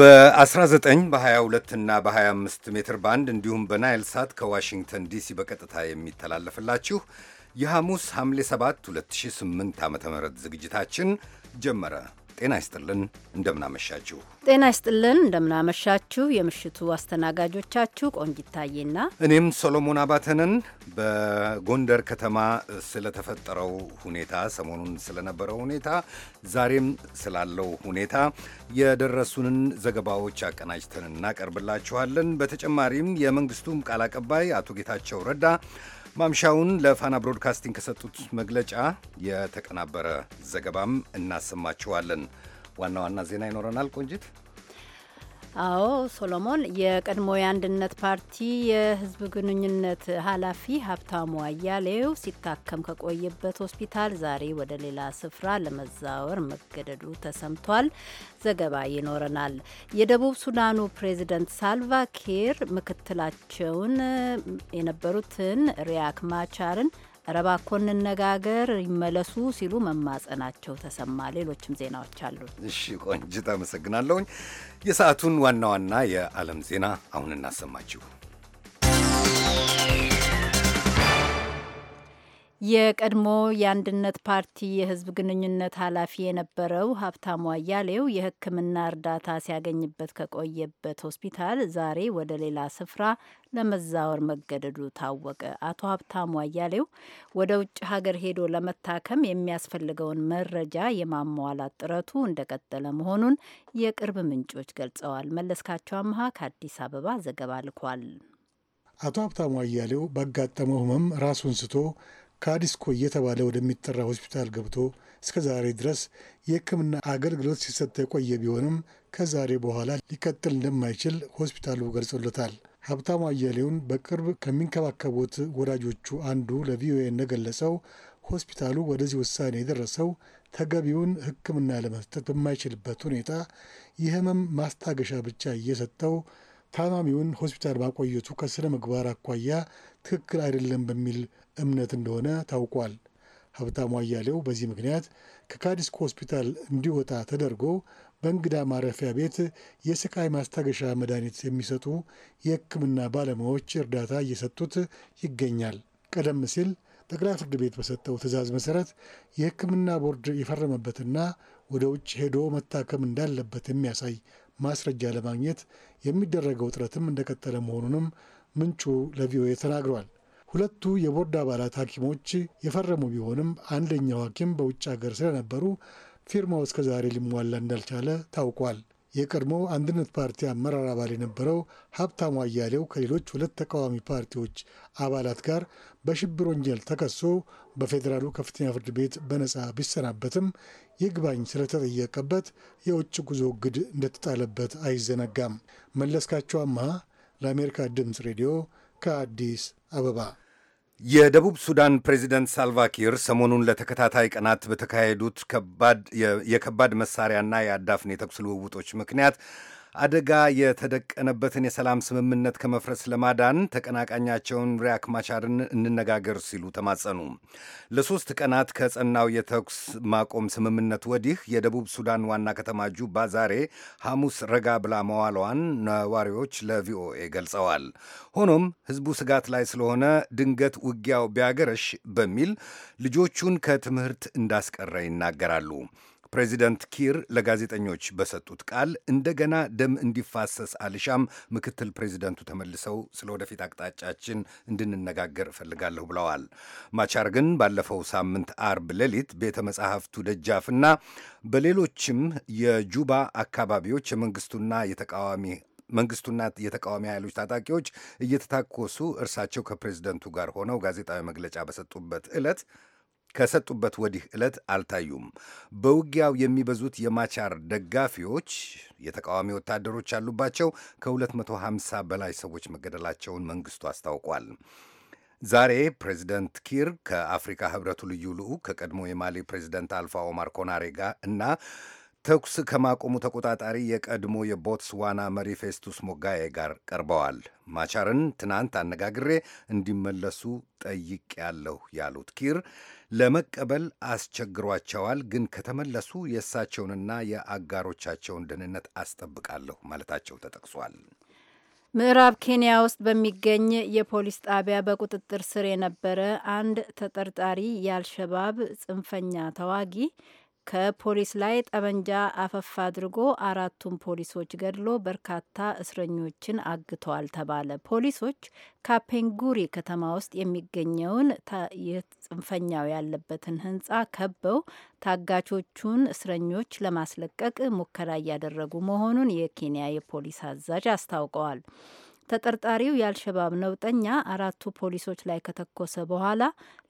በ19 በ22 እና በ25 ሜትር ባንድ እንዲሁም በናይል ሳት ከዋሽንግተን ዲሲ በቀጥታ የሚተላለፍላችሁ የሐሙስ ሐምሌ 7 2008 ዓ ም ዝግጅታችን ጀመረ። ጤና ይስጥልን እንደምናመሻችሁ። ጤና ይስጥልን እንደምናመሻችሁ። የምሽቱ አስተናጋጆቻችሁ ይታየና እኔም ሶሎሞን አባተንን። በጎንደር ከተማ ስለተፈጠረው ሁኔታ፣ ሰሞኑን ስለነበረው ሁኔታ፣ ዛሬም ስላለው ሁኔታ የደረሱንን ዘገባዎች አቀናጅተን እናቀርብላችኋለን። በተጨማሪም የመንግስቱም ቃል አቀባይ አቶ ጌታቸው ረዳ ማምሻውን ለፋና ብሮድካስቲንግ ከሰጡት መግለጫ የተቀናበረ ዘገባም እናሰማችኋለን። ዋና ዋና ዜና ይኖረናል። ቆንጂት አዎ ሶሎሞን፣ የቀድሞ የአንድነት ፓርቲ የህዝብ ግንኙነት ኃላፊ ሀብታሙ አያሌው ሲታከም ከቆየበት ሆስፒታል ዛሬ ወደ ሌላ ስፍራ ለመዛወር መገደዱ ተሰምቷል። ዘገባ ይኖረናል። የደቡብ ሱዳኑ ፕሬዚደንት ሳልቫኪር ምክትላቸውን የነበሩትን ሪያክ ማቻርን ረባኮን እንነጋገር ይመለሱ ሲሉ መማጸናቸው ተሰማ። ሌሎችም ዜናዎች አሉ። እሺ ቆንጅት አመሰግናለሁኝ። የሰዓቱን ዋና ዋና የዓለም ዜና አሁን እናሰማችሁ። የቀድሞ የአንድነት ፓርቲ የህዝብ ግንኙነት ኃላፊ የነበረው ሀብታሙ አያሌው የሕክምና እርዳታ ሲያገኝበት ከቆየበት ሆስፒታል ዛሬ ወደ ሌላ ስፍራ ለመዛወር መገደዱ ታወቀ። አቶ ሀብታሙ አያሌው ወደ ውጭ ሀገር ሄዶ ለመታከም የሚያስፈልገውን መረጃ የማሟላት ጥረቱ እንደቀጠለ መሆኑን የቅርብ ምንጮች ገልጸዋል። መለስካቸው አምሃ ከአዲስ አበባ ዘገባ ልኳል። አቶ ሀብታሙ አያሌው ባጋጠመው ህመም ራሱን ስቶ ከአዲስኮ እየተባለ ወደሚጠራ ሆስፒታል ገብቶ እስከ ዛሬ ድረስ የሕክምና አገልግሎት ሲሰጥ የቆየ ቢሆንም ከዛሬ በኋላ ሊቀጥል እንደማይችል ሆስፒታሉ ገልጾለታል። ሀብታሙ አያሌውን በቅርብ ከሚንከባከቡት ወዳጆቹ አንዱ ለቪኦኤ እንደገለጸው ሆስፒታሉ ወደዚህ ውሳኔ የደረሰው ተገቢውን ሕክምና ለመስጠት በማይችልበት ሁኔታ የህመም ማስታገሻ ብቻ እየሰጠው ታማሚውን ሆስፒታል ማቆየቱ ከስነ ምግባር አኳያ ትክክል አይደለም በሚል እምነት እንደሆነ ታውቋል። ሀብታሙ አያሌው በዚህ ምክንያት ከካዲስኮ ሆስፒታል እንዲወጣ ተደርጎ በእንግዳ ማረፊያ ቤት የስቃይ ማስታገሻ መድኃኒት የሚሰጡ የሕክምና ባለሙያዎች እርዳታ እየሰጡት ይገኛል። ቀደም ሲል ጠቅላይ ፍርድ ቤት በሰጠው ትዕዛዝ መሰረት የሕክምና ቦርድ የፈረመበትና ወደ ውጭ ሄዶ መታከም እንዳለበት የሚያሳይ ማስረጃ ለማግኘት የሚደረገው ጥረትም እንደቀጠለ መሆኑንም ምንጩ ለቪኦኤ ተናግሯል። ሁለቱ የቦርድ አባላት ሐኪሞች የፈረሙ ቢሆንም አንደኛው ሐኪም በውጭ ሀገር ስለነበሩ ፊርማው እስከ ዛሬ ሊሟላ እንዳልቻለ ታውቋል። የቀድሞ አንድነት ፓርቲ አመራር አባል የነበረው ሀብታሙ አያሌው ከሌሎች ሁለት ተቃዋሚ ፓርቲዎች አባላት ጋር በሽብር ወንጀል ተከሶ በፌዴራሉ ከፍተኛ ፍርድ ቤት በነፃ ቢሰናበትም ይግባኝ ስለተጠየቀበት የውጭ ጉዞ እግድ እንደተጣለበት አይዘነጋም። መለስካቸው አምሃ ለአሜሪካ ድምፅ ሬዲዮ ከአዲስ አበባ የደቡብ ሱዳን ፕሬዚደንት ሳልቫኪር ሰሞኑን ለተከታታይ ቀናት በተካሄዱት የከባድ መሳሪያና የአዳፍን የተኩስ ልውውጦች ምክንያት አደጋ የተደቀነበትን የሰላም ስምምነት ከመፍረስ ለማዳን ተቀናቃኛቸውን ሪያክ ማቻርን እንነጋገር ሲሉ ተማጸኑ። ለሶስት ቀናት ከጸናው የተኩስ ማቆም ስምምነት ወዲህ የደቡብ ሱዳን ዋና ከተማ ጁባ ዛሬ ሐሙስ ረጋ ብላ መዋሏን ነዋሪዎች ለቪኦኤ ገልጸዋል። ሆኖም ሕዝቡ ስጋት ላይ ስለሆነ ድንገት ውጊያው ቢያገረሽ በሚል ልጆቹን ከትምህርት እንዳስቀረ ይናገራሉ። ፕሬዚደንት ኪር ለጋዜጠኞች በሰጡት ቃል እንደገና ደም እንዲፋሰስ አልሻም፣ ምክትል ፕሬዚደንቱ ተመልሰው ስለ ወደፊት አቅጣጫችን እንድንነጋገር እፈልጋለሁ ብለዋል። ማቻር ግን ባለፈው ሳምንት አርብ ሌሊት ቤተ መጻሕፍቱ ደጃፍና በሌሎችም የጁባ አካባቢዎች የመንግስቱና የተቃዋሚ መንግስቱና የተቃዋሚ ኃይሎች ታጣቂዎች እየተታኮሱ እርሳቸው ከፕሬዚደንቱ ጋር ሆነው ጋዜጣዊ መግለጫ በሰጡበት ዕለት ከሰጡበት ወዲህ ዕለት አልታዩም። በውጊያው የሚበዙት የማቻር ደጋፊዎች የተቃዋሚ ወታደሮች ያሉባቸው ከ250 በላይ ሰዎች መገደላቸውን መንግስቱ አስታውቋል። ዛሬ ፕሬዚደንት ኪር ከአፍሪካ ህብረቱ ልዩ ልዑክ ከቀድሞ የማሊ ፕሬዚደንት አልፋ ኦማር ኮናሬ ጋር እና ተኩስ ከማቆሙ ተቆጣጣሪ የቀድሞ የቦትስዋና መሪ ፌስቱስ ሞጋዬ ጋር ቀርበዋል። ማቻርን ትናንት አነጋግሬ እንዲመለሱ ያለሁ ያሉት ኪር ለመቀበል አስቸግሯቸዋል፣ ግን ከተመለሱ የእሳቸውንና የአጋሮቻቸውን ደህንነት አስጠብቃለሁ ማለታቸው ተጠቅሷል። ምዕራብ ኬንያ ውስጥ በሚገኝ የፖሊስ ጣቢያ በቁጥጥር ስር የነበረ አንድ ተጠርጣሪ የአልሸባብ ጽንፈኛ ተዋጊ ከፖሊስ ላይ ጠመንጃ አፈፍ አድርጎ አራቱን ፖሊሶች ገድሎ በርካታ እስረኞችን አግተዋል ተባለ። ፖሊሶች ካፔንጉሪ ከተማ ውስጥ የሚገኘውን ጽንፈኛው ያለበትን ሕንጻ ከበው ታጋቾቹን እስረኞች ለማስለቀቅ ሙከራ እያደረጉ መሆኑን የኬንያ የፖሊስ አዛዥ አስታውቀዋል። ተጠርጣሪው የአልሸባብ ነውጠኛ አራቱ ፖሊሶች ላይ ከተኮሰ በኋላ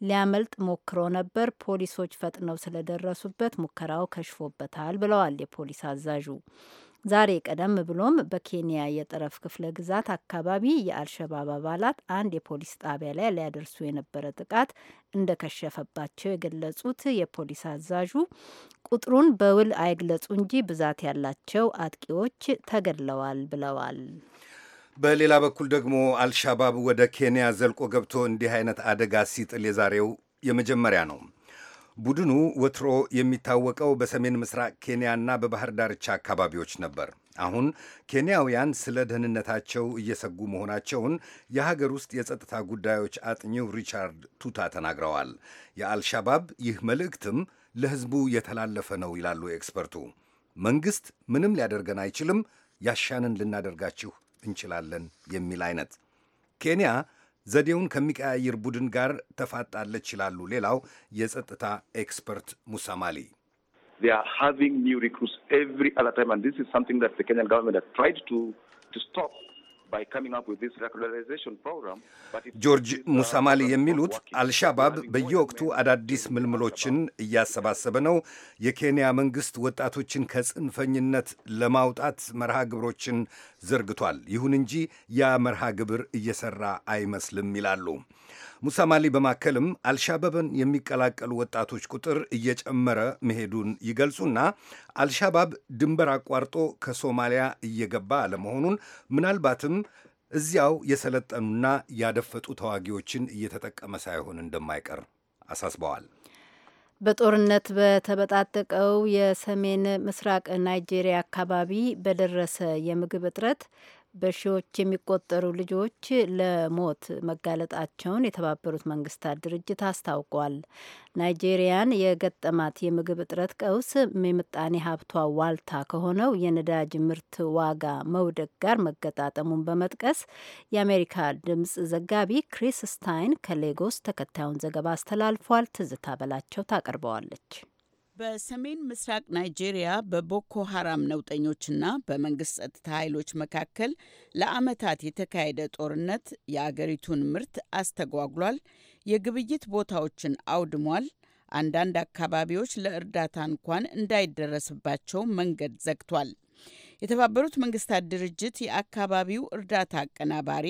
ሊያመልጥ ሞክሮ ነበር። ፖሊሶች ፈጥነው ስለደረሱበት ሙከራው ከሽፎበታል ብለዋል የፖሊስ አዛዡ። ዛሬ ቀደም ብሎም በኬንያ የጠረፍ ክፍለ ግዛት አካባቢ የአልሸባብ አባላት አንድ የፖሊስ ጣቢያ ላይ ሊያደርሱ የነበረ ጥቃት እንደከሸፈባቸው የገለጹት የፖሊስ አዛዡ ቁጥሩን በውል አይግለጹ እንጂ ብዛት ያላቸው አጥቂዎች ተገድለዋል ብለዋል። በሌላ በኩል ደግሞ አልሻባብ ወደ ኬንያ ዘልቆ ገብቶ እንዲህ አይነት አደጋ ሲጥል የዛሬው የመጀመሪያ ነው። ቡድኑ ወትሮ የሚታወቀው በሰሜን ምስራቅ ኬንያና በባህር ዳርቻ አካባቢዎች ነበር። አሁን ኬንያውያን ስለ ደህንነታቸው እየሰጉ መሆናቸውን የሀገር ውስጥ የጸጥታ ጉዳዮች አጥኚው ሪቻርድ ቱታ ተናግረዋል። የአልሻባብ ይህ መልእክትም ለሕዝቡ የተላለፈ ነው ይላሉ ኤክስፐርቱ። መንግሥት ምንም ሊያደርገን አይችልም፣ ያሻንን ልናደርጋችሁ እንችላለን የሚል አይነት። ኬንያ ዘዴውን ከሚቀያይር ቡድን ጋር ተፋጣለች ይላሉ ሌላው የጸጥታ ኤክስፐርት ሙሳማሊ። ጆርጅ uh, ሙሳማሊ uh, የሚሉት አልሻባብ በየወቅቱ አዳዲስ ምልምሎችን እያሰባሰበ ነው። የኬንያ መንግሥት ወጣቶችን ከጽንፈኝነት ለማውጣት መርሃ ግብሮችን ዘርግቷል። ይሁን እንጂ ያ መርሃ ግብር እየሠራ አይመስልም ይላሉ። ሙሳማሊ በማከልም አልሻባብን የሚቀላቀሉ ወጣቶች ቁጥር እየጨመረ መሄዱን ይገልጹና አልሻባብ ድንበር አቋርጦ ከሶማሊያ እየገባ አለመሆኑን ምናልባትም እዚያው የሰለጠኑና ያደፈጡ ተዋጊዎችን እየተጠቀመ ሳይሆን እንደማይቀር አሳስበዋል። በጦርነት በተበጣጠቀው የሰሜን ምስራቅ ናይጄሪያ አካባቢ በደረሰ የምግብ እጥረት በሺዎች የሚቆጠሩ ልጆች ለሞት መጋለጣቸውን የተባበሩት መንግስታት ድርጅት አስታውቋል። ናይጄሪያን የገጠማት የምግብ እጥረት ቀውስ የምጣኔ ሀብቷ ዋልታ ከሆነው የነዳጅ ምርት ዋጋ መውደቅ ጋር መገጣጠሙን በመጥቀስ የአሜሪካ ድምጽ ዘጋቢ ክሪስ ስታይን ከሌጎስ ተከታዩን ዘገባ አስተላልፏል። ትዝታ በላቸው ታቀርበዋለች። በሰሜን ምስራቅ ናይጄሪያ በቦኮ ሐራም ነውጠኞችና በመንግስት ጸጥታ ኃይሎች መካከል ለአመታት የተካሄደ ጦርነት የአገሪቱን ምርት አስተጓጉሏል፣ የግብይት ቦታዎችን አውድሟል፣ አንዳንድ አካባቢዎች ለእርዳታ እንኳን እንዳይደረስባቸው መንገድ ዘግቷል። የተባበሩት መንግስታት ድርጅት የአካባቢው እርዳታ አቀናባሪ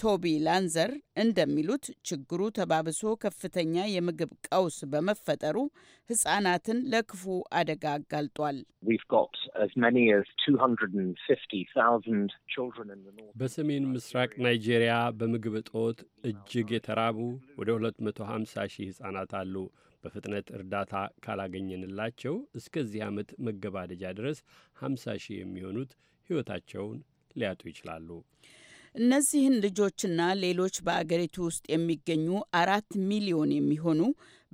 ቶቢ ላንዘር እንደሚሉት ችግሩ ተባብሶ ከፍተኛ የምግብ ቀውስ በመፈጠሩ ሕጻናትን ለክፉ አደጋ አጋልጧል። በሰሜን ምስራቅ ናይጄሪያ በምግብ እጦት እጅግ የተራቡ ወደ 250 ሺህ ሕጻናት አሉ። በፍጥነት እርዳታ ካላገኘንላቸው እስከዚህ ዓመት መገባደጃ ድረስ 50 ሺህ የሚሆኑት ሕይወታቸውን ሊያጡ ይችላሉ። እነዚህን ልጆችና ሌሎች በአገሪቱ ውስጥ የሚገኙ አራት ሚሊዮን የሚሆኑ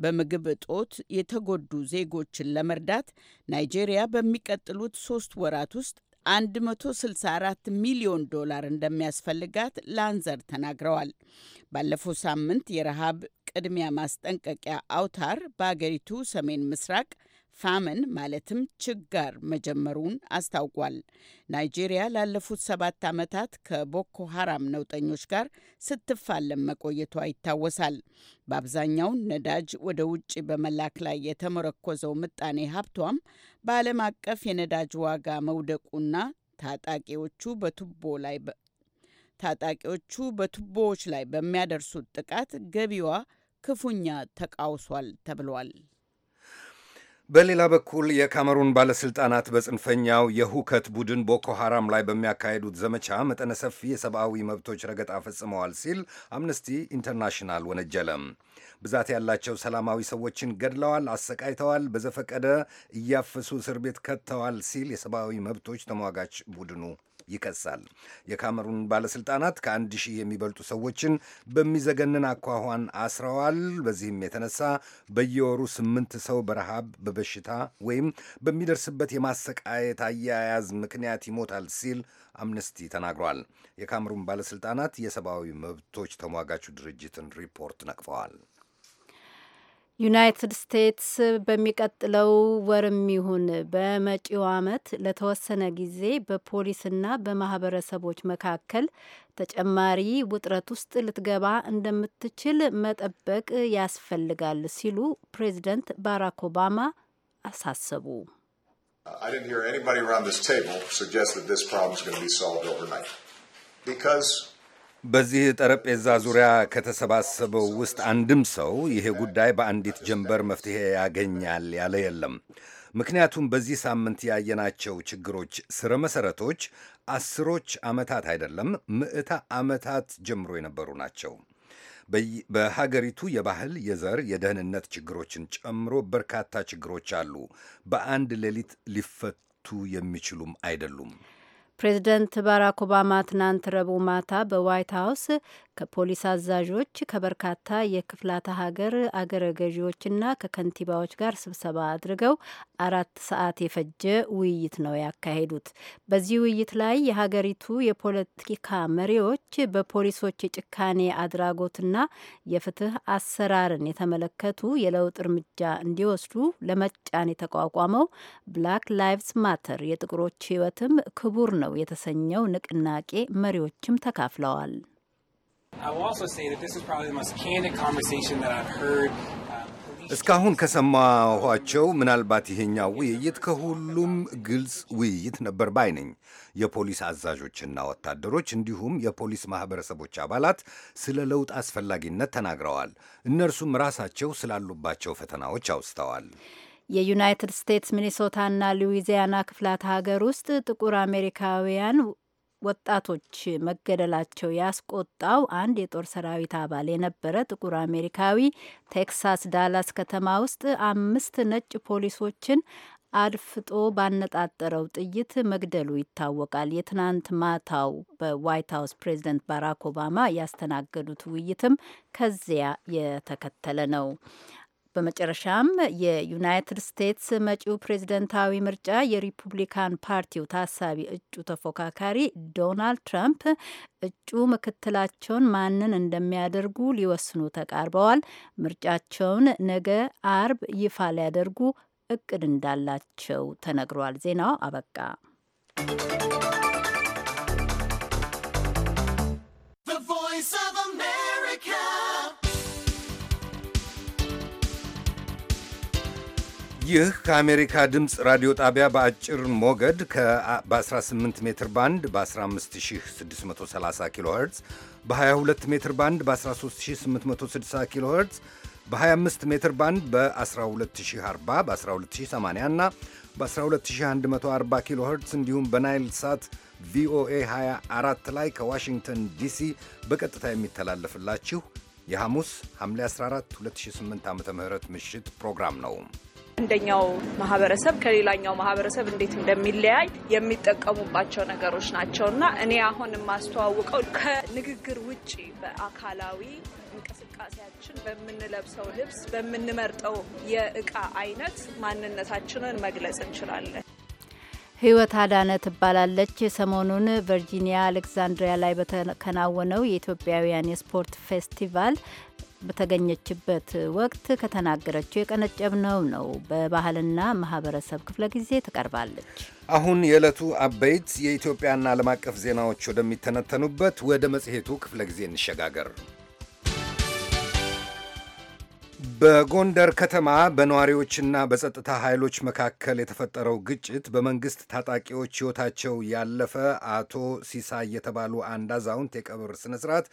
በምግብ እጦት የተጎዱ ዜጎችን ለመርዳት ናይጄሪያ በሚቀጥሉት ሶስት ወራት ውስጥ 164 ሚሊዮን ዶላር እንደሚያስፈልጋት ላንዘር ተናግረዋል። ባለፈው ሳምንት የረሃብ ቅድሚያ ማስጠንቀቂያ አውታር በአገሪቱ ሰሜን ምስራቅ ፋምን ማለትም ችጋር መጀመሩን አስታውቋል። ናይጄሪያ ላለፉት ሰባት ዓመታት ከቦኮ ሐራም ነውጠኞች ጋር ስትፋለም መቆየቷ ይታወሳል። በአብዛኛው ነዳጅ ወደ ውጭ በመላክ ላይ የተመረኮዘው ምጣኔ ሀብቷም በዓለም አቀፍ የነዳጅ ዋጋ መውደቁና ታጣቂዎቹ በቱቦ ላይ ታጣቂዎቹ በቱቦዎች ላይ በሚያደርሱት ጥቃት ገቢዋ ክፉኛ ተቃውሷል ተብሏል። በሌላ በኩል የካሜሩን ባለሥልጣናት በጽንፈኛው የሁከት ቡድን ቦኮ ሐራም ላይ በሚያካሄዱት ዘመቻ መጠነ ሰፊ የሰብአዊ መብቶች ረገጣ ፈጽመዋል ሲል አምነስቲ ኢንተርናሽናል ወነጀለም። ብዛት ያላቸው ሰላማዊ ሰዎችን ገድለዋል፣ አሰቃይተዋል፣ በዘፈቀደ እያፈሱ እስር ቤት ከተዋል ሲል የሰብአዊ መብቶች ተሟጋች ቡድኑ ይከሳል። የካሜሩን ባለስልጣናት ከአንድ ሺህ የሚበልጡ ሰዎችን በሚዘገንን አኳኋን አስረዋል። በዚህም የተነሳ በየወሩ ስምንት ሰው በረሃብ በበሽታ ወይም በሚደርስበት የማሰቃየት አያያዝ ምክንያት ይሞታል ሲል አምነስቲ ተናግሯል። የካሜሩን ባለስልጣናት የሰብአዊ መብቶች ተሟጋቹ ድርጅትን ሪፖርት ነቅፈዋል። ዩናይትድ ስቴትስ በሚቀጥለው ወርም ይሁን በመጪው ዓመት ለተወሰነ ጊዜ በፖሊስና በማህበረሰቦች መካከል ተጨማሪ ውጥረት ውስጥ ልትገባ እንደምትችል መጠበቅ ያስፈልጋል ሲሉ ፕሬዚደንት ባራክ ኦባማ አሳሰቡ። I በዚህ ጠረጴዛ ዙሪያ ከተሰባሰበው ውስጥ አንድም ሰው ይሄ ጉዳይ በአንዲት ጀንበር መፍትሄ ያገኛል ያለ የለም። ምክንያቱም በዚህ ሳምንት ያየናቸው ችግሮች ስረ መሰረቶች አስሮች ዓመታት አይደለም ምዕተ ዓመታት ጀምሮ የነበሩ ናቸው። በሀገሪቱ የባህል፣ የዘር፣ የደህንነት ችግሮችን ጨምሮ በርካታ ችግሮች አሉ። በአንድ ሌሊት ሊፈቱ የሚችሉም አይደሉም። ፕሬዚደንት ባራክ ኦባማ ትናንት ረቡዕ ማታ በዋይት ሀውስ ከፖሊስ አዛዦች ከበርካታ የክፍላተ ሀገር አገረ ገዢዎችና ከከንቲባዎች ጋር ስብሰባ አድርገው አራት ሰዓት የፈጀ ውይይት ነው ያካሄዱት። በዚህ ውይይት ላይ የሀገሪቱ የፖለቲካ መሪዎች በፖሊሶች የጭካኔ አድራጎትና የፍትህ አሰራርን የተመለከቱ የለውጥ እርምጃ እንዲወስዱ ለመጫን የተቋቋመው ብላክ ላይቭስ ማተር የጥቁሮች ህይወትም ክቡር ነው ነው የተሰኘው ንቅናቄ መሪዎችም ተካፍለዋል። uh, እስካሁን ከሰማኋቸው ምናልባት ይሄኛው ውይይት ከሁሉም ግልጽ ውይይት ነበር ባይ ነኝ። የፖሊስ አዛዦችና ወታደሮች እንዲሁም የፖሊስ ማኅበረሰቦች አባላት ስለ ለውጥ አስፈላጊነት ተናግረዋል። እነርሱም ራሳቸው ስላሉባቸው ፈተናዎች አውስተዋል። የዩናይትድ ስቴትስ ሚኒሶታና ሉዊዚያና ክፍላት ሀገር ውስጥ ጥቁር አሜሪካውያን ወጣቶች መገደላቸው ያስቆጣው አንድ የጦር ሰራዊት አባል የነበረ ጥቁር አሜሪካዊ ቴክሳስ ዳላስ ከተማ ውስጥ አምስት ነጭ ፖሊሶችን አድፍጦ ባነጣጠረው ጥይት መግደሉ ይታወቃል። የትናንት ማታው በዋይት ሀውስ ፕሬዚደንት ባራክ ኦባማ ያስተናገዱት ውይይትም ከዚያ የተከተለ ነው። በመጨረሻም የዩናይትድ ስቴትስ መጪው ፕሬዝደንታዊ ምርጫ የሪፑብሊካን ፓርቲው ታሳቢ እጩ ተፎካካሪ ዶናልድ ትራምፕ እጩ ምክትላቸውን ማንን እንደሚያደርጉ ሊወስኑ ተቃርበዋል። ምርጫቸውን ነገ አርብ ይፋ ሊያደርጉ እቅድ እንዳላቸው ተነግሯል። ዜናው አበቃ። ይህ ከአሜሪካ ድምፅ ራዲዮ ጣቢያ በአጭር ሞገድ በ18 ሜትር ባንድ በ15630 ኪሎ ኸርትዝ በ22 ሜትር ባንድ በ13860 ኪሎ ኸርትዝ በ25 ሜትር ባንድ በ12040 በ12080 እና በ12140 ኪሎ ኸርትዝ እንዲሁም በናይል ሳት ቪኦኤ 24 ላይ ከዋሽንግተን ዲሲ በቀጥታ የሚተላለፍላችሁ የሐሙስ ሐምሌ 14 2008 ዓ ም ምሽት ፕሮግራም ነው። አንደኛው ማህበረሰብ ከሌላኛው ማህበረሰብ እንዴት እንደሚለያይ የሚጠቀሙባቸው ነገሮች ናቸው እና እኔ አሁን የማስተዋውቀው ከንግግር ውጭ በአካላዊ እንቅስቃሴያችን በምንለብሰው ልብስ፣ በምንመርጠው የእቃ አይነት ማንነታችንን መግለጽ እንችላለን። ህይወት አዳነ ትባላለች። ሰሞኑን ቨርጂኒያ አሌክዛንድሪያ ላይ በተከናወነው የኢትዮጵያውያን የስፖርት ፌስቲቫል በተገኘችበት ወቅት ከተናገረችው የቀነጨብነው ነው። በባህልና ማህበረሰብ ክፍለ ጊዜ ትቀርባለች። አሁን የዕለቱ አበይት የኢትዮጵያና ዓለም አቀፍ ዜናዎች ወደሚተነተኑበት ወደ መጽሔቱ ክፍለ ጊዜ እንሸጋገር። በጎንደር ከተማ በነዋሪዎችና በጸጥታ ኃይሎች መካከል የተፈጠረው ግጭት በመንግሥት ታጣቂዎች ሕይወታቸው ያለፈ አቶ ሲሳይ የተባሉ አንድ አዛውንት የቀብር ሥነ ሥርዓት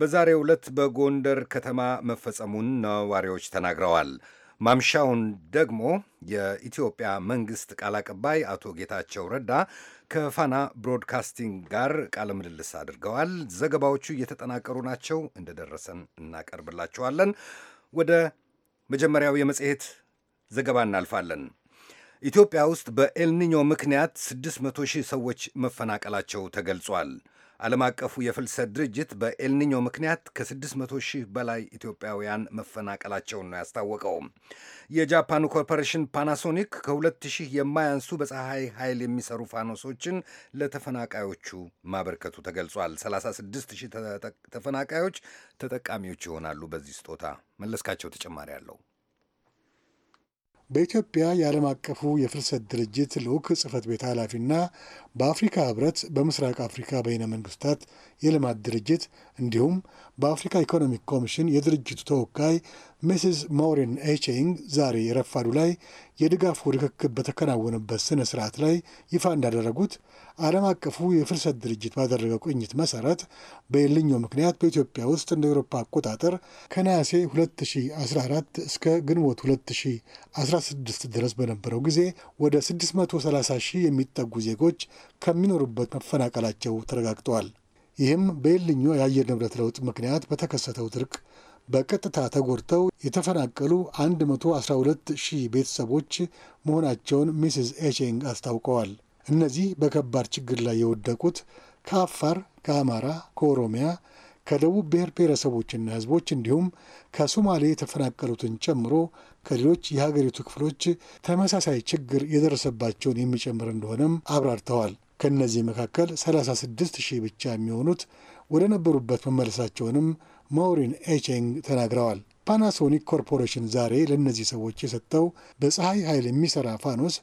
በዛሬው ዕለት በጎንደር ከተማ መፈጸሙን ነዋሪዎች ተናግረዋል። ማምሻውን ደግሞ የኢትዮጵያ መንግስት ቃል አቀባይ አቶ ጌታቸው ረዳ ከፋና ብሮድካስቲንግ ጋር ቃለ ምልልስ አድርገዋል። ዘገባዎቹ እየተጠናቀሩ ናቸው፣ እንደደረሰን እናቀርብላችኋለን። ወደ መጀመሪያው የመጽሔት ዘገባ እናልፋለን። ኢትዮጵያ ውስጥ በኤልኒኞ ምክንያት 600 ሺህ ሰዎች መፈናቀላቸው ተገልጿል። ዓለም አቀፉ የፍልሰት ድርጅት በኤልኒኞ ምክንያት ከ600 ሺህ በላይ ኢትዮጵያውያን መፈናቀላቸውን ነው ያስታወቀው። የጃፓኑ ኮርፖሬሽን ፓናሶኒክ ከ2 ሺህ የማያንሱ በፀሐይ ኃይል የሚሰሩ ፋኖሶችን ለተፈናቃዮቹ ማበርከቱ ተገልጿል። 36 ሺህ ተፈናቃዮች ተጠቃሚዎች ይሆናሉ በዚህ ስጦታ። መለስካቸው ተጨማሪ አለው። በኢትዮጵያ የዓለም አቀፉ የፍልሰት ድርጅት ልዑክ ጽህፈት ቤት ኃላፊና በአፍሪካ ህብረት በምስራቅ አፍሪካ በይነ መንግስታት የልማት ድርጅት እንዲሁም በአፍሪካ ኢኮኖሚክ ኮሚሽን የድርጅቱ ተወካይ ሚስስ ሞሪን ኤቼንግ ዛሬ ረፋዱ ላይ የድጋፉ ርክክብ በተከናወነበት ስነ ስርዓት ላይ ይፋ እንዳደረጉት ዓለም አቀፉ የፍልሰት ድርጅት ባደረገው ቅኝት መሰረት በኤልኞ ምክንያት በኢትዮጵያ ውስጥ እንደ ኤሮፓ አቆጣጠር ከነያሴ 2014 እስከ ግንቦት 2016 ድረስ በነበረው ጊዜ ወደ 630 ሺህ የሚጠጉ ዜጎች ከሚኖሩበት መፈናቀላቸው ተረጋግጠዋል። ይህም በኤልኞ የአየር ንብረት ለውጥ ምክንያት በተከሰተው ድርቅ በቀጥታ ተጎድተው የተፈናቀሉ 112 ሺህ ቤተሰቦች መሆናቸውን ሚስስ ኤቼንግ አስታውቀዋል። እነዚህ በከባድ ችግር ላይ የወደቁት ከአፋር፣ ከአማራ፣ ከኦሮሚያ፣ ከደቡብ ብሔር ብሔረሰቦችና ሕዝቦች እንዲሁም ከሶማሌ የተፈናቀሉትን ጨምሮ ከሌሎች የሀገሪቱ ክፍሎች ተመሳሳይ ችግር የደረሰባቸውን የሚጨምር እንደሆነም አብራርተዋል። ከእነዚህ መካከል 36 ሺህ ብቻ የሚሆኑት ወደ ነበሩበት መመለሳቸውንም ማውሪን ኤቼንግ ተናግረዋል። ፓናሶኒክ ኮርፖሬሽን ዛሬ ለእነዚህ ሰዎች የሰጠው በፀሐይ ኃይል የሚሰራ ፋኖስ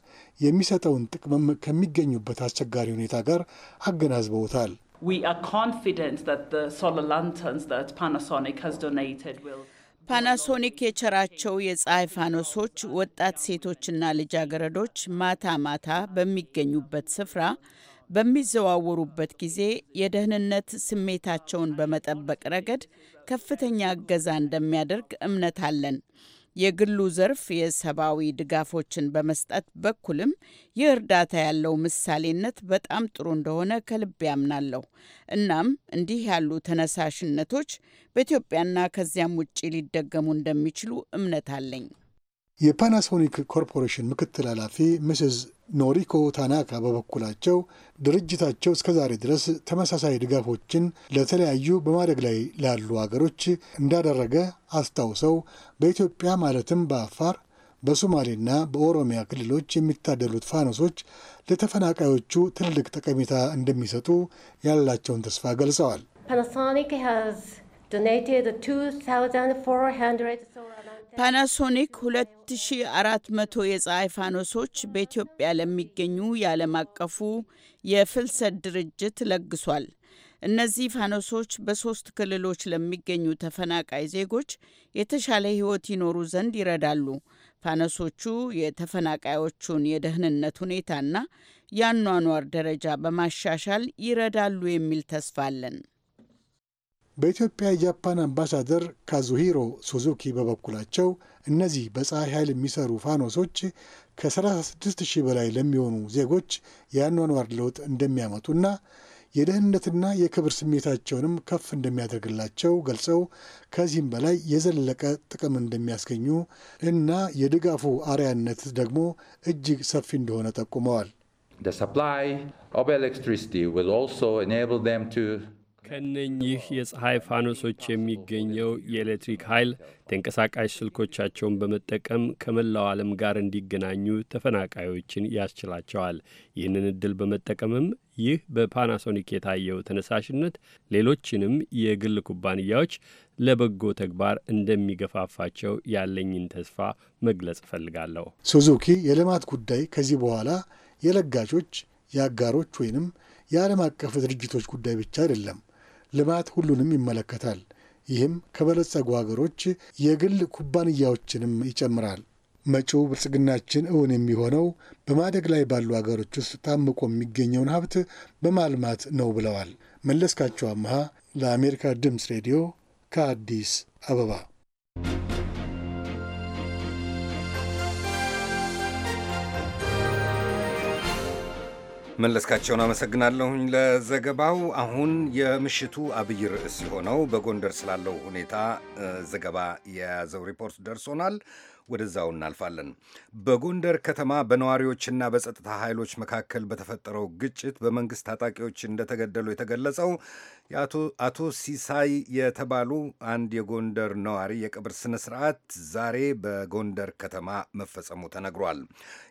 የሚሰጠውን ጥቅምም ከሚገኙበት አስቸጋሪ ሁኔታ ጋር አገናዝበውታል። We are confident that the solar lanterns that Panasonic has donated will ፓናሶኒክ የቸራቸው የፀሐይ ፋኖሶች ወጣት ሴቶችና ልጃገረዶች ማታ ማታ በሚገኙበት ስፍራ በሚዘዋወሩበት ጊዜ የደህንነት ስሜታቸውን በመጠበቅ ረገድ ከፍተኛ እገዛ እንደሚያደርግ እምነት አለን። የግሉ ዘርፍ የሰብአዊ ድጋፎችን በመስጠት በኩልም የእርዳታ እርዳታ ያለው ምሳሌነት በጣም ጥሩ እንደሆነ ከልብ ያምናለሁ። እናም እንዲህ ያሉ ተነሳሽነቶች በኢትዮጵያና ከዚያም ውጭ ሊደገሙ እንደሚችሉ እምነት አለኝ። የፓናሶኒክ ኮርፖሬሽን ምክትል ኃላፊ ምስዝ ኖሪኮ ታናካ በበኩላቸው ድርጅታቸው እስከዛሬ ድረስ ተመሳሳይ ድጋፎችን ለተለያዩ በማደግ ላይ ላሉ አገሮች እንዳደረገ አስታውሰው በኢትዮጵያ ማለትም በአፋር በሶማሌና በኦሮሚያ ክልሎች የሚታደሉት ፋኖሶች ለተፈናቃዮቹ ትልቅ ጠቀሜታ እንደሚሰጡ ያላቸውን ተስፋ ገልጸዋል። ፓናሶኒክ 2400 የፀሐይ ፋኖሶች በኢትዮጵያ ለሚገኙ የዓለም አቀፉ የፍልሰት ድርጅት ለግሷል። እነዚህ ፋኖሶች በሶስት ክልሎች ለሚገኙ ተፈናቃይ ዜጎች የተሻለ ሕይወት ይኖሩ ዘንድ ይረዳሉ። ፋኖሶቹ የተፈናቃዮቹን የደህንነት ሁኔታና የአኗኗር ደረጃ በማሻሻል ይረዳሉ የሚል ተስፋ አለን። በኢትዮጵያ የጃፓን አምባሳደር ካዙሂሮ ሱዙኪ በበኩላቸው እነዚህ በፀሐይ ኃይል የሚሰሩ ፋኖሶች ከ36 ሺህ በላይ ለሚሆኑ ዜጎች የአኗኗር ለውጥ እንደሚያመጡና የደህንነትና የክብር ስሜታቸውንም ከፍ እንደሚያደርግላቸው ገልጸው ከዚህም በላይ የዘለቀ ጥቅም እንደሚያስገኙ እና የድጋፉ አርያነት ደግሞ እጅግ ሰፊ እንደሆነ ጠቁመዋል። ከእነኚህ የፀሐይ ፋኖሶች የሚገኘው የኤሌክትሪክ ኃይል ተንቀሳቃሽ ስልኮቻቸውን በመጠቀም ከመላው ዓለም ጋር እንዲገናኙ ተፈናቃዮችን ያስችላቸዋል። ይህንን እድል በመጠቀምም ይህ በፓናሶኒክ የታየው ተነሳሽነት ሌሎችንም የግል ኩባንያዎች ለበጎ ተግባር እንደሚገፋፋቸው ያለኝን ተስፋ መግለጽ እፈልጋለሁ። ሱዙኪ የልማት ጉዳይ ከዚህ በኋላ የለጋሾች፣ የአጋሮች ወይንም የዓለም አቀፍ ድርጅቶች ጉዳይ ብቻ አይደለም ልማት ሁሉንም ይመለከታል። ይህም ከበለጸጉ ሀገሮች የግል ኩባንያዎችንም ይጨምራል። መጪው ብልጽግናችን እውን የሚሆነው በማደግ ላይ ባሉ ሀገሮች ውስጥ ታምቆ የሚገኘውን ሀብት በማልማት ነው ብለዋል። መለስካቸው አምሃ ለአሜሪካ ድምፅ ሬዲዮ ከአዲስ አበባ መለስካቸውን አመሰግናለሁኝ ለዘገባው። አሁን የምሽቱ አብይ ርዕስ የሆነው በጎንደር ስላለው ሁኔታ ዘገባ የያዘው ሪፖርት ደርሶናል። ወደዛው እናልፋለን። በጎንደር ከተማ በነዋሪዎችና በጸጥታ ኃይሎች መካከል በተፈጠረው ግጭት በመንግስት ታጣቂዎች እንደተገደሉ የተገለጸው የአቶ ሲሳይ የተባሉ አንድ የጎንደር ነዋሪ የቀብር ስነ ስርዓት ዛሬ በጎንደር ከተማ መፈጸሙ ተነግሯል።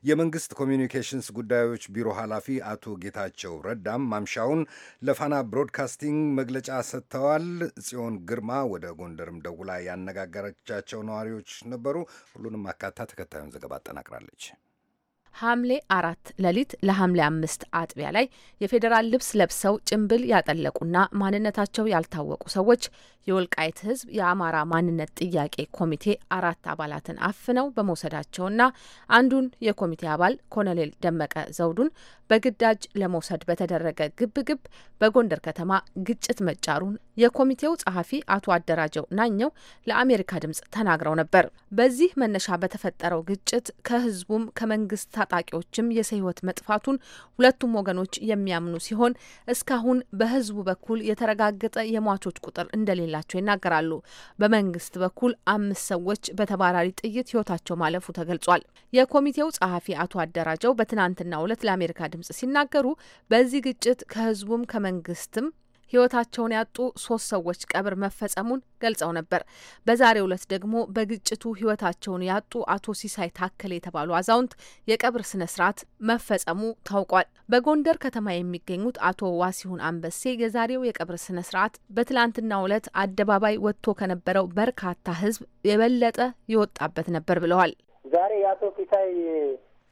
የመንግስት ኮሚኒኬሽንስ ጉዳዮች ቢሮ ኃላፊ አቶ ጌታቸው ረዳም ማምሻውን ለፋና ብሮድካስቲንግ መግለጫ ሰጥተዋል። ጽዮን ግርማ ወደ ጎንደርም ደውላ ያነጋገረቻቸው ነዋሪዎች ነበሩ። ሁሉንም አካታ ተከታዩን ዘገባ አጠናቅራለች። ሐምሌ አራት ሌሊት ለሐምሌ አምስት አጥቢያ ላይ የፌዴራል ልብስ ለብሰው ጭንብል ያጠለቁና ማንነታቸው ያልታወቁ ሰዎች የወልቃይት ሕዝብ የአማራ ማንነት ጥያቄ ኮሚቴ አራት አባላትን አፍነው በመውሰዳቸውና አንዱን የኮሚቴ አባል ኮሎኔል ደመቀ ዘውዱን በግዳጅ ለመውሰድ በተደረገ ግብግብ በጎንደር ከተማ ግጭት መጫሩን የኮሚቴው ጸሐፊ አቶ አደራጀው ናኘው ለአሜሪካ ድምጽ ተናግረው ነበር። በዚህ መነሻ በተፈጠረው ግጭት ከህዝቡም ከመንግስት ታጣቂዎችም የሰው መጥፋቱን ሁለቱም ወገኖች የሚያምኑ ሲሆን እስካሁን በህዝቡ በኩል የተረጋገጠ የሟቾች ቁጥር እንደሌላቸው ይናገራሉ። በመንግስት በኩል አምስት ሰዎች በተባራሪ ጥይት ህይወታቸው ማለፉ ተገልጿል። የኮሚቴው ጸሐፊ አቶ አደራጀው በትናንትናው ዕለት ለአሜሪካ ድምጽ ሲናገሩ በዚህ ግጭት ከህዝቡም ከመንግስትም ህይወታቸውን ያጡ ሶስት ሰዎች ቀብር መፈጸሙን ገልጸው ነበር። በዛሬው ዕለት ደግሞ በግጭቱ ህይወታቸውን ያጡ አቶ ሲሳይ ታከል የተባሉ አዛውንት የቀብር ስነ ስርዓት መፈጸሙ ታውቋል። በጎንደር ከተማ የሚገኙት አቶ ዋሲሁን አንበሴ የዛሬው የቀብር ስነ ስርዓት በትላንትናው ዕለት አደባባይ ወጥቶ ከነበረው በርካታ ህዝብ የበለጠ የወጣበት ነበር ብለዋል። ዛሬ የአቶ ሲሳይ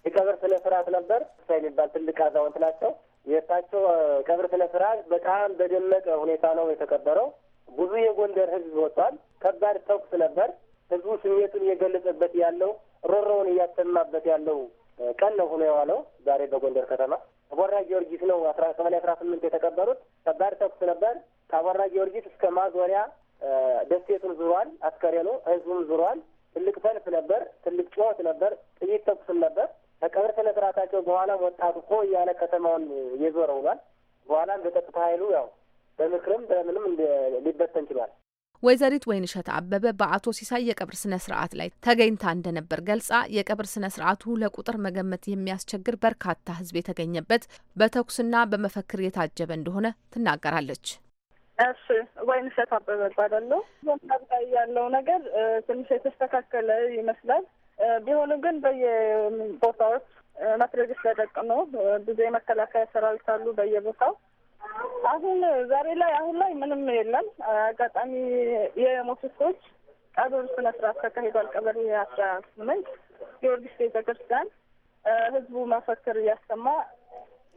የቀብር ስነ ስርዓት ነበር። ሲሳይ የሚባል ትልቅ አዛውንት ናቸው። የእሳቸው ቀብር ስነ ስርዓት በጣም በደመቀ ሁኔታ ነው የተከበረው። ብዙ የጎንደር ህዝብ ወጥቷል። ከባድ ተኩስ ነበር። ህዝቡ ስሜቱን እየገለጸበት ያለው ሮሮውን እያሰማበት ያለው ቀን ነው ሆኖ የዋለው ዛሬ በጎንደር ከተማ። አቦራ ጊዮርጊስ ነው አስራ ቀበሌ አስራ ስምንት የተቀበሩት። ከባድ ተኩስ ነበር። ከአቦራ ጊዮርጊስ እስከ ማዞሪያ ደሴቱን ዙሯል። አስከሬኑ ህዝቡም ዙሯል። ትልቅ ሰልፍ ነበር። ትልቅ ጩኸት ነበር። ጥይት ተኩስም ነበር። ከቀብር ስነ ስርዓታቸው በኋላ ወጣቱ ሆ እያለ ከተማውን እየዞረ ውሏል። በኋላም በጸጥታ ኃይሉ ያው በምክርም በምንም ሊበተን ችሏል። ወይዘሪት ወይንሸት አበበ በአቶ ሲሳይ የቀብር ስነ ስርዓት ላይ ተገኝታ እንደነበር ገልጻ የቀብር ስነ ስርዓቱ ለቁጥር መገመት የሚያስቸግር በርካታ ህዝብ የተገኘበት በተኩስና በመፈክር የታጀበ እንደሆነ ትናገራለች። እሺ ወይንሸት አበበ እባላለሁ። ላይ ያለው ነገር ትንሽ የተስተካከለ ይመስላል። ቢሆኑ ግን በየቦታዎች ማስረጃ ተጠቅመው ብዙ የመከላከያ ሰራዊት አሉ በየቦታው። አሁን ዛሬ ላይ አሁን ላይ ምንም የለም። አጋጣሚ የሞቱ ሰዎች ቀብር ስነ ስርዓት ተካሂዷል። ቀበሌ አስራ ስምንት ጊዮርጊስ ቤተ ክርስቲያን ህዝቡ መፈክር እያሰማ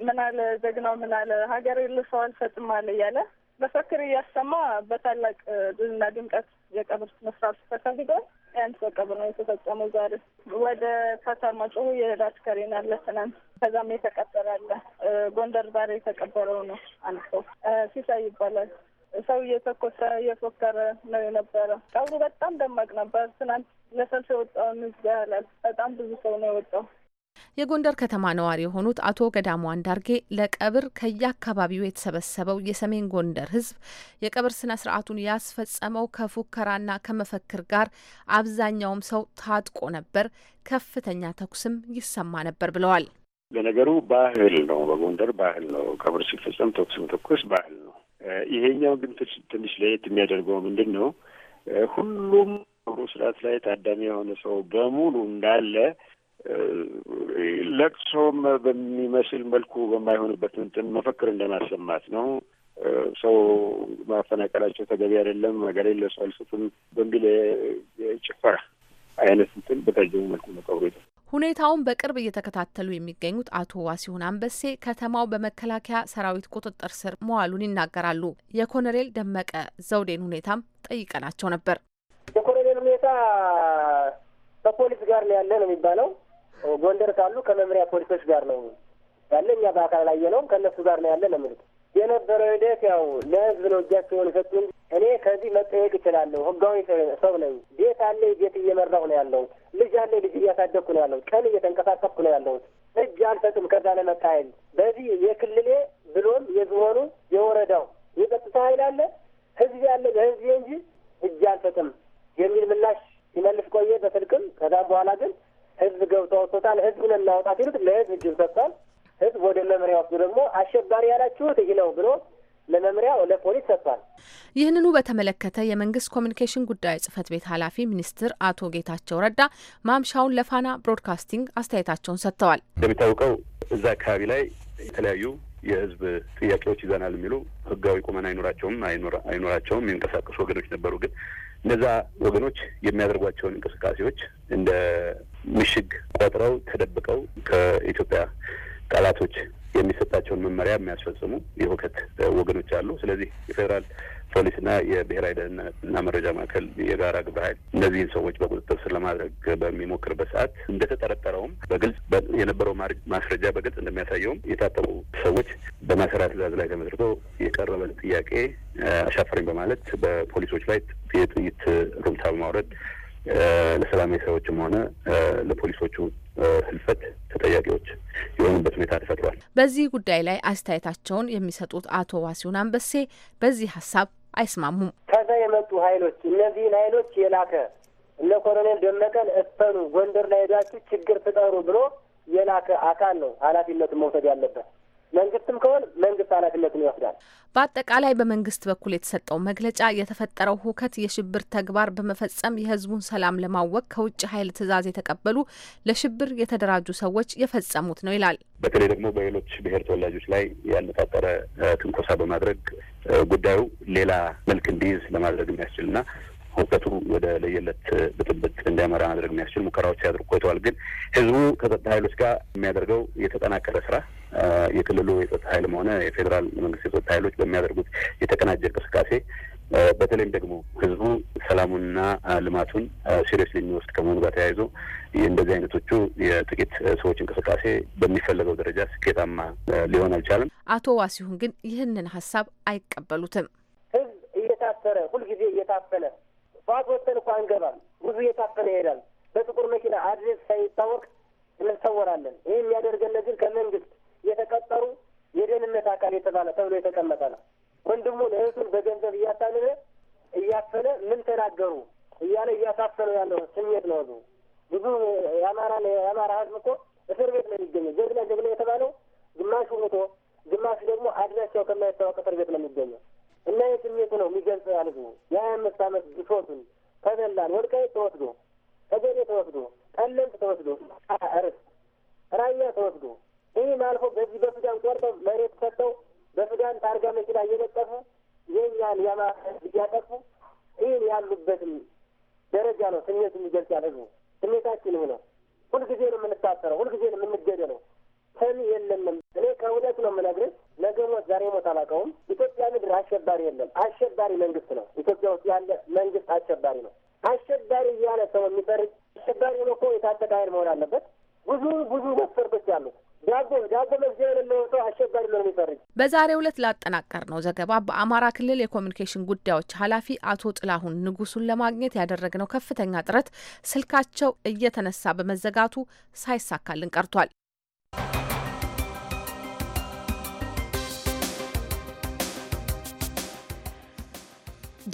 ምናለ ዘግናው ምናለ ሀገር ልሰዋል ፈጽማለ እያለ መፈክር እያሰማ በታላቅ ድልና ድምቀት የቀብር ስነስርዓቱ ተካሂዷል። የአንድ ሰው ቀብር ነው የተፈጸመው። ዛሬ ወደ ተተርማጮ የሄደ አስከሬን አለ ትናንት፣ ከዛም የተቀበረ አለ። ጎንደር ዛሬ የተቀበረው ነው። አንድ ሰው ሲሳይ ይባላል። ሰው እየተኮሰ እየፎከረ ነው የነበረ። ቀብሩ በጣም ደማቅ ነበር። ትናንት ለሰልፍ የወጣውን ህዝብ ያህላል። በጣም ብዙ ሰው ነው የወጣው። የጎንደር ከተማ ነዋሪ የሆኑት አቶ ገዳሙ አንዳርጌ ለቀብር ከየአካባቢው የተሰበሰበው የሰሜን ጎንደር ህዝብ የቀብር ስነ ስርዓቱን ያስፈጸመው ከፉከራና ከመፈክር ጋር አብዛኛውም ሰው ታጥቆ ነበር፣ ከፍተኛ ተኩስም ይሰማ ነበር ብለዋል። ለነገሩ ባህል ነው፣ በጎንደር ባህል ነው። ቀብር ሲፈጸም ተኩስ መተኮስ ባህል ነው። ይሄኛው ግን ትንሽ ለየት የሚያደርገው ምንድን ነው? ሁሉም ቀብሩ ስርዓት ላይ ታዳሚ የሆነ ሰው በሙሉ እንዳለ ለቅሶም በሚመስል መልኩ በማይሆንበት እንትን መፈክር እንደማሰማት ነው። ሰው ማፈናቀላቸው ተገቢ አይደለም፣ ሀገሬን ለሰው በሚል ጭፈራ አይነት እንትን በታጀቡ መልኩ መቀብሩ ሁኔታውን በቅርብ እየተከታተሉ የሚገኙት አቶ ዋሲሁን አንበሴ ከተማው በመከላከያ ሰራዊት ቁጥጥር ስር መዋሉን ይናገራሉ። የኮሎኔል ደመቀ ዘውዴን ሁኔታም ጠይቀናቸው ነበር። የኮሎኔል ሁኔታ ከፖሊስ ጋር ነው ያለ ነው የሚባለው ጎንደር ካሉ ከመምሪያ ፖሊሶች ጋር ነው ያለ። እኛ በአካል አላየነውም፣ ከእነሱ ጋር ነው ያለ ነው የምልህ። የነበረው ሂደት ያው ለህዝብ ነው እጃቸውን የሰጡ እንጂ እኔ ከዚህ መጠየቅ እችላለሁ። ህጋዊ ሰው ነኝ። ቤት አለ፣ ቤት እየመራሁ ነው ያለው። ልጅ አለ፣ ልጅ እያሳደግኩ ነው ያለው። ቀን እየተንቀሳቀስኩ ነው ያለው። እጅ አልሰጥም። ከዛ ለመጣ ኃይል በዚህ የክልሌ ብሎም የዝሆኑ የወረዳው የጸጥታ ኃይል አለ፣ ህዝብ ያለ በህዝብ እንጂ እጅ አልሰጥም የሚል ምላሽ ሲመልስ ቆየ በስልክም። ከዛ በኋላ ግን ህዝብ ገብቶ አውጥቶታል። ህዝብ ነን ይሉት ለህዝብ እጅብ ሰጥቷል። ህዝብ ወደ መምሪያ ወስዱ ደግሞ አሸባሪ ያላችሁት ይህ ነው ብሎ ለመምሪያው ለፖሊስ ሰጥቷል። ይህንኑ በተመለከተ የመንግስት ኮሚኒኬሽን ጉዳይ ጽህፈት ቤት ኃላፊ ሚኒስትር አቶ ጌታቸው ረዳ ማምሻውን ለፋና ብሮድካስቲንግ አስተያየታቸውን ሰጥተዋል። እንደሚታወቀው እዛ አካባቢ ላይ የተለያዩ የህዝብ ጥያቄዎች ይዘናል የሚሉ ህጋዊ ቁመን አይኖራቸውም አይኖራቸውም የሚንቀሳቀሱ ወገኖች ነበሩ ግን እነዛ ወገኖች የሚያደርጓቸውን እንቅስቃሴዎች እንደ ምሽግ ቆጥረው ተደብቀው ከኢትዮጵያ ጠላቶች የሚሰጣቸውን መመሪያ የሚያስፈጽሙ የሁከት ወገኖች አሉ። ስለዚህ የፌዴራል ፖሊስና የብሔራዊ ደህንነትና መረጃ ማዕከል የጋራ ግብረ ኃይል እነዚህን ሰዎች በቁጥጥር ስር ለማድረግ በሚሞክርበት ሰዓት እንደተጠረጠረውም በግልጽ የነበረው ማስረጃ በግልጽ እንደሚያሳየውም የታጠቁ ሰዎች በማሰራት ትእዛዝ ላይ ተመስርቶ የቀረበን ጥያቄ አሻፈረኝ በማለት በፖሊሶች ላይ የጥይት ሩምታ በማውረድ ለሰላማዊ ሰዎችም ሆነ ለፖሊሶቹ ህልፈት ተጠያቂዎች የሆኑበት ሁኔታ ተፈጥሯል። በዚህ ጉዳይ ላይ አስተያየታቸውን የሚሰጡት አቶ ዋሲሁን አንበሴ በዚህ ሀሳብ አይስማሙም። ከዛ የመጡ ኃይሎች እነዚህን ኃይሎች የላከ እነ ኮሎኔል ደመቀን እፈኑ፣ ጎንደር ላይ ሄዳችሁ ችግር ፍጠሩ ብሎ የላከ አካል ነው ኃላፊነቱን መውሰድ ያለበት። መንግስትም ከሆነ መንግስት ኃላፊነቱን ይወስዳል። በአጠቃላይ በመንግስት በኩል የተሰጠው መግለጫ የተፈጠረው ሁከት የሽብር ተግባር በመፈጸም የህዝቡን ሰላም ለማወቅ ከውጭ ኃይል ትዕዛዝ የተቀበሉ ለሽብር የተደራጁ ሰዎች የፈጸሙት ነው ይላል። በተለይ ደግሞ በሌሎች ብሔር ተወላጆች ላይ ያነጣጠረ ትንኮሳ በማድረግ ጉዳዩ ሌላ መልክ እንዲይዝ ለማድረግ የሚያስችልና እውቀቱ ወደ ለየለት ብጥብጥ እንዲያመራ ማድረግ የሚያስችል ሙከራዎች ሲያደርጉ ቆይተዋል። ግን ህዝቡ ከጸጥታ ኃይሎች ጋር የሚያደርገው የተጠናከረ ስራ የክልሉ የጸጥታ ኃይልም ሆነ የፌዴራል መንግስት የጸጥታ ኃይሎች በሚያደርጉት የተቀናጀ እንቅስቃሴ በተለይም ደግሞ ህዝቡ ሰላሙንና ልማቱን ሲሪየስ የሚወስድ ከመሆኑ ጋር ተያይዞ እንደዚህ አይነቶቹ የጥቂት ሰዎች እንቅስቃሴ በሚፈለገው ደረጃ ስኬታማ ሊሆን አልቻለም። አቶ ዋሲሁን ግን ይህንን ሀሳብ አይቀበሉትም። ህዝብ እየታፈረ ሁልጊዜ እየታፈለ ጠዋት ወጥተን እኮ አንገባም። ብዙ እየታፈነ ይሄዳል። በጥቁር መኪና አድሬስ ሳይታወቅ እንሰወራለን። ይህ የሚያደርገን ግን ከመንግስት የተቀጠሩ የደህንነት አካል የተባለ ተብሎ የተቀመጠ ነው። ወንድሙን እህቱን በገንዘብ እያታለለ እያፈነ ምን ተናገሩ እያለ እያሳፈነው ያለው ስሜት ነው። ብዙ የአማራ የአማራ ህዝብ እኮ እስር ቤት ነው የሚገኘው። ጀግና ጀግና የተባለው ግማሹ ሙቶ፣ ግማሹ ደግሞ አድራሻው ከማይታወቅ እስር ቤት ነው የሚገኘው። እና የስሜቱ ነው የሚገልጸው ማለት የሀያ አምስት አመት ብሶቱን ተበላን። ወልቃይት ተወስዶ፣ ተገዴ ተወስዶ፣ ጠለምት ተወስዶ፣ እርስ ራያ ተወስዶ ይህ ማልፎ በዚህ በሱዳን ቆርጦ መሬት ሰጠው በሱዳን ታርጋ መኪና እየለጠፉ የእኛን የአማራ እያጠፉ ይህን ያሉበትም ደረጃ ነው ስሜት የሚገልጽ ያለ ስሜታችን ይህ ነው። ሁልጊዜ ነው የምንታሰረው፣ ሁልጊዜ ነው የምንገደለው። ሰሚ የለንም። እኔ ከእውነት ነው የምነግርህ። ነገ ሞት ዛሬ ሞት አላውቀውም። ኢትዮጵያ ምድር አሸባሪ የለም። አሸባሪ መንግስት ነው። ኢትዮጵያ ውስጥ ያለ መንግስት አሸባሪ ነው። አሸባሪ እያለ ሰው የሚፈርጅ አሸባሪ ሆኖ እኮ የታጠቀ ኃይል መሆን አለበት። ብዙ ብዙ መስፈርቶች አሉት። ዳጎ ዳጎ መግቢያ የሌለው ሰው አሸባሪ ነው የሚፈርጅ። በዛሬው ዕለት ላጠናቀር ነው ዘገባ በአማራ ክልል የኮሚኒኬሽን ጉዳዮች ኃላፊ አቶ ጥላሁን ንጉሱን ለማግኘት ያደረግነው ከፍተኛ ጥረት ስልካቸው እየተነሳ በመዘጋቱ ሳይሳካልን ቀርቷል።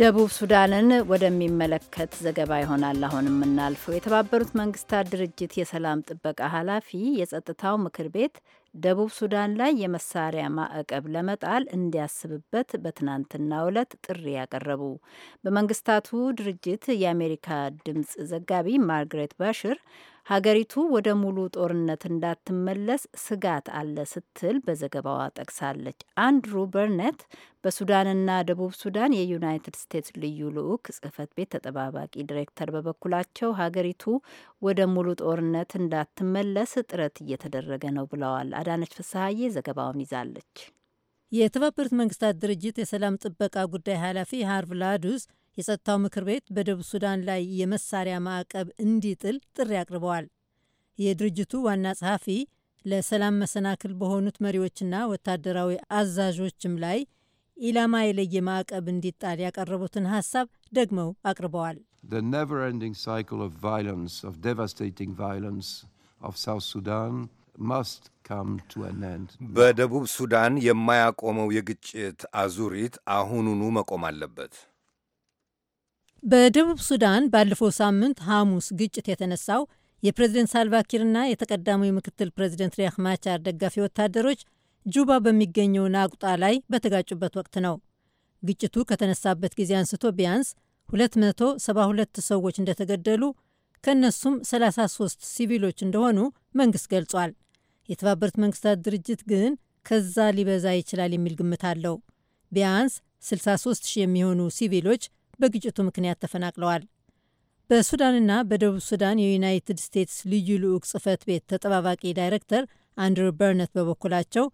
ደቡብ ሱዳንን ወደሚመለከት ዘገባ ይሆናል አሁን የምናልፈው። የተባበሩት መንግስታት ድርጅት የሰላም ጥበቃ ኃላፊ የጸጥታው ምክር ቤት ደቡብ ሱዳን ላይ የመሳሪያ ማዕቀብ ለመጣል እንዲያስብበት በትናንትናው ዕለት ጥሪ ያቀረቡ በመንግስታቱ ድርጅት የአሜሪካ ድምፅ ዘጋቢ ማርግሬት ባሽር ሀገሪቱ ወደ ሙሉ ጦርነት እንዳትመለስ ስጋት አለ ስትል በዘገባዋ ጠቅሳለች። አንድሩ በርነት በሱዳንና ደቡብ ሱዳን የዩናይትድ ስቴትስ ልዩ ልዑክ ጽህፈት ቤት ተጠባባቂ ዲሬክተር በበኩላቸው ሀገሪቱ ወደ ሙሉ ጦርነት እንዳትመለስ ጥረት እየተደረገ ነው ብለዋል። አዳነች ፍስሀዬ ዘገባውን ይዛለች። የተባበሩት መንግስታት ድርጅት የሰላም ጥበቃ ጉዳይ ኃላፊ ሃርቭ ላዱስ የጸጥታው ምክር ቤት በደቡብ ሱዳን ላይ የመሳሪያ ማዕቀብ እንዲጥል ጥሪ አቅርበዋል። የድርጅቱ ዋና ጸሐፊ ለሰላም መሰናክል በሆኑት መሪዎችና ወታደራዊ አዛዦችም ላይ ኢላማ የለየ ማዕቀብ እንዲጣል ያቀረቡትን ሀሳብ ደግመው አቅርበዋል። በደቡብ ሱዳን የማያቆመው የግጭት አዙሪት አሁኑኑ መቆም አለበት። በደቡብ ሱዳን ባለፈው ሳምንት ሐሙስ ግጭት የተነሳው የፕሬዝደንት ሳልቫኪርና የተቀዳሚ ምክትል ፕሬዝደንት ሪያክ ማቻር ደጋፊ ወታደሮች ጁባ በሚገኘው ናቁጣ ላይ በተጋጩበት ወቅት ነው። ግጭቱ ከተነሳበት ጊዜ አንስቶ ቢያንስ 272 ሰዎች እንደተገደሉ ከእነሱም 33 ሲቪሎች እንደሆኑ መንግስት ገልጿል። የተባበሩት መንግስታት ድርጅት ግን ከዛ ሊበዛ ይችላል የሚል ግምት አለው። ቢያንስ 63 ሺህ የሚሆኑ ሲቪሎች በግጭቱ ምክንያት ተፈናቅለዋል። በሱዳንና በደቡብ ሱዳን የዩናይትድ ስቴትስ ልዩ ልዑክ ጽህፈት ቤት ተጠባባቂ ዳይሬክተር አንድሩ በርነት በበኩላቸው